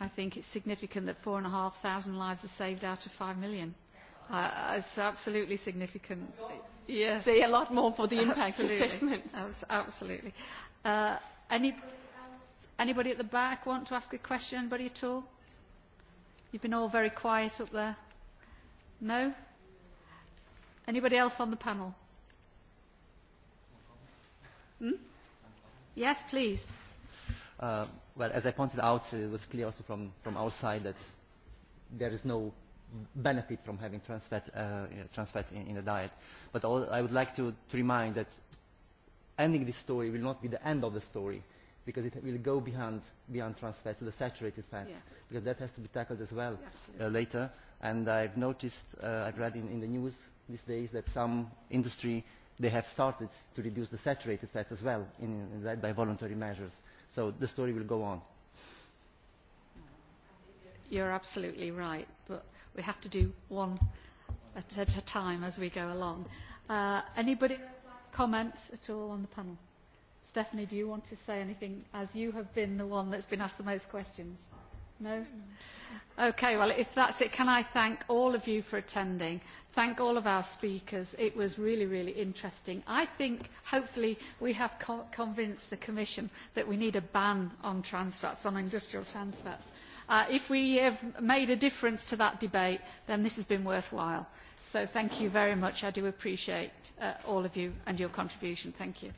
I think it's significant that four and a half thousand lives are saved out of five million. Uh, it's absolutely significant. Yeah. Say a lot more for the impact absolutely. assessment. Absolutely. Uh, any, anybody at the back want to ask a question? Anybody at all? You've been all very quiet up there. No? Anybody else on the panel? Hmm? Yes, please uh, well, as I pointed out, it was clear also from, from our side that there is no benefit from having trans fat, uh, trans fats in, in the diet. But all, I would like to, to remind that ending this story will not be the end of the story because it will go beyond, beyond trans fats to the saturated fats yeah. because that has to be tackled as well uh, later. And I've noticed, uh, I've read in, in the news these days that some industry, they have started to reduce the saturated fat as well in, in that by voluntary measures So the story will go on. You're absolutely right, but we have to do one at, a time as we go along. Uh, anybody comment at all on the panel? Stephanie, do you want to say anything as you have been the one that's been asked the most questions? No? Okay, well, if that's it, can I thank all of you for attending? Thank all of our speakers. It was really, really interesting. I think hopefully we have co- convinced the Commission that we need a ban on trans fats, on industrial trans fats. Uh, if we have made a difference to that debate, then this has been worthwhile. So thank you very much. I do appreciate uh, all of you and your contribution. Thank you.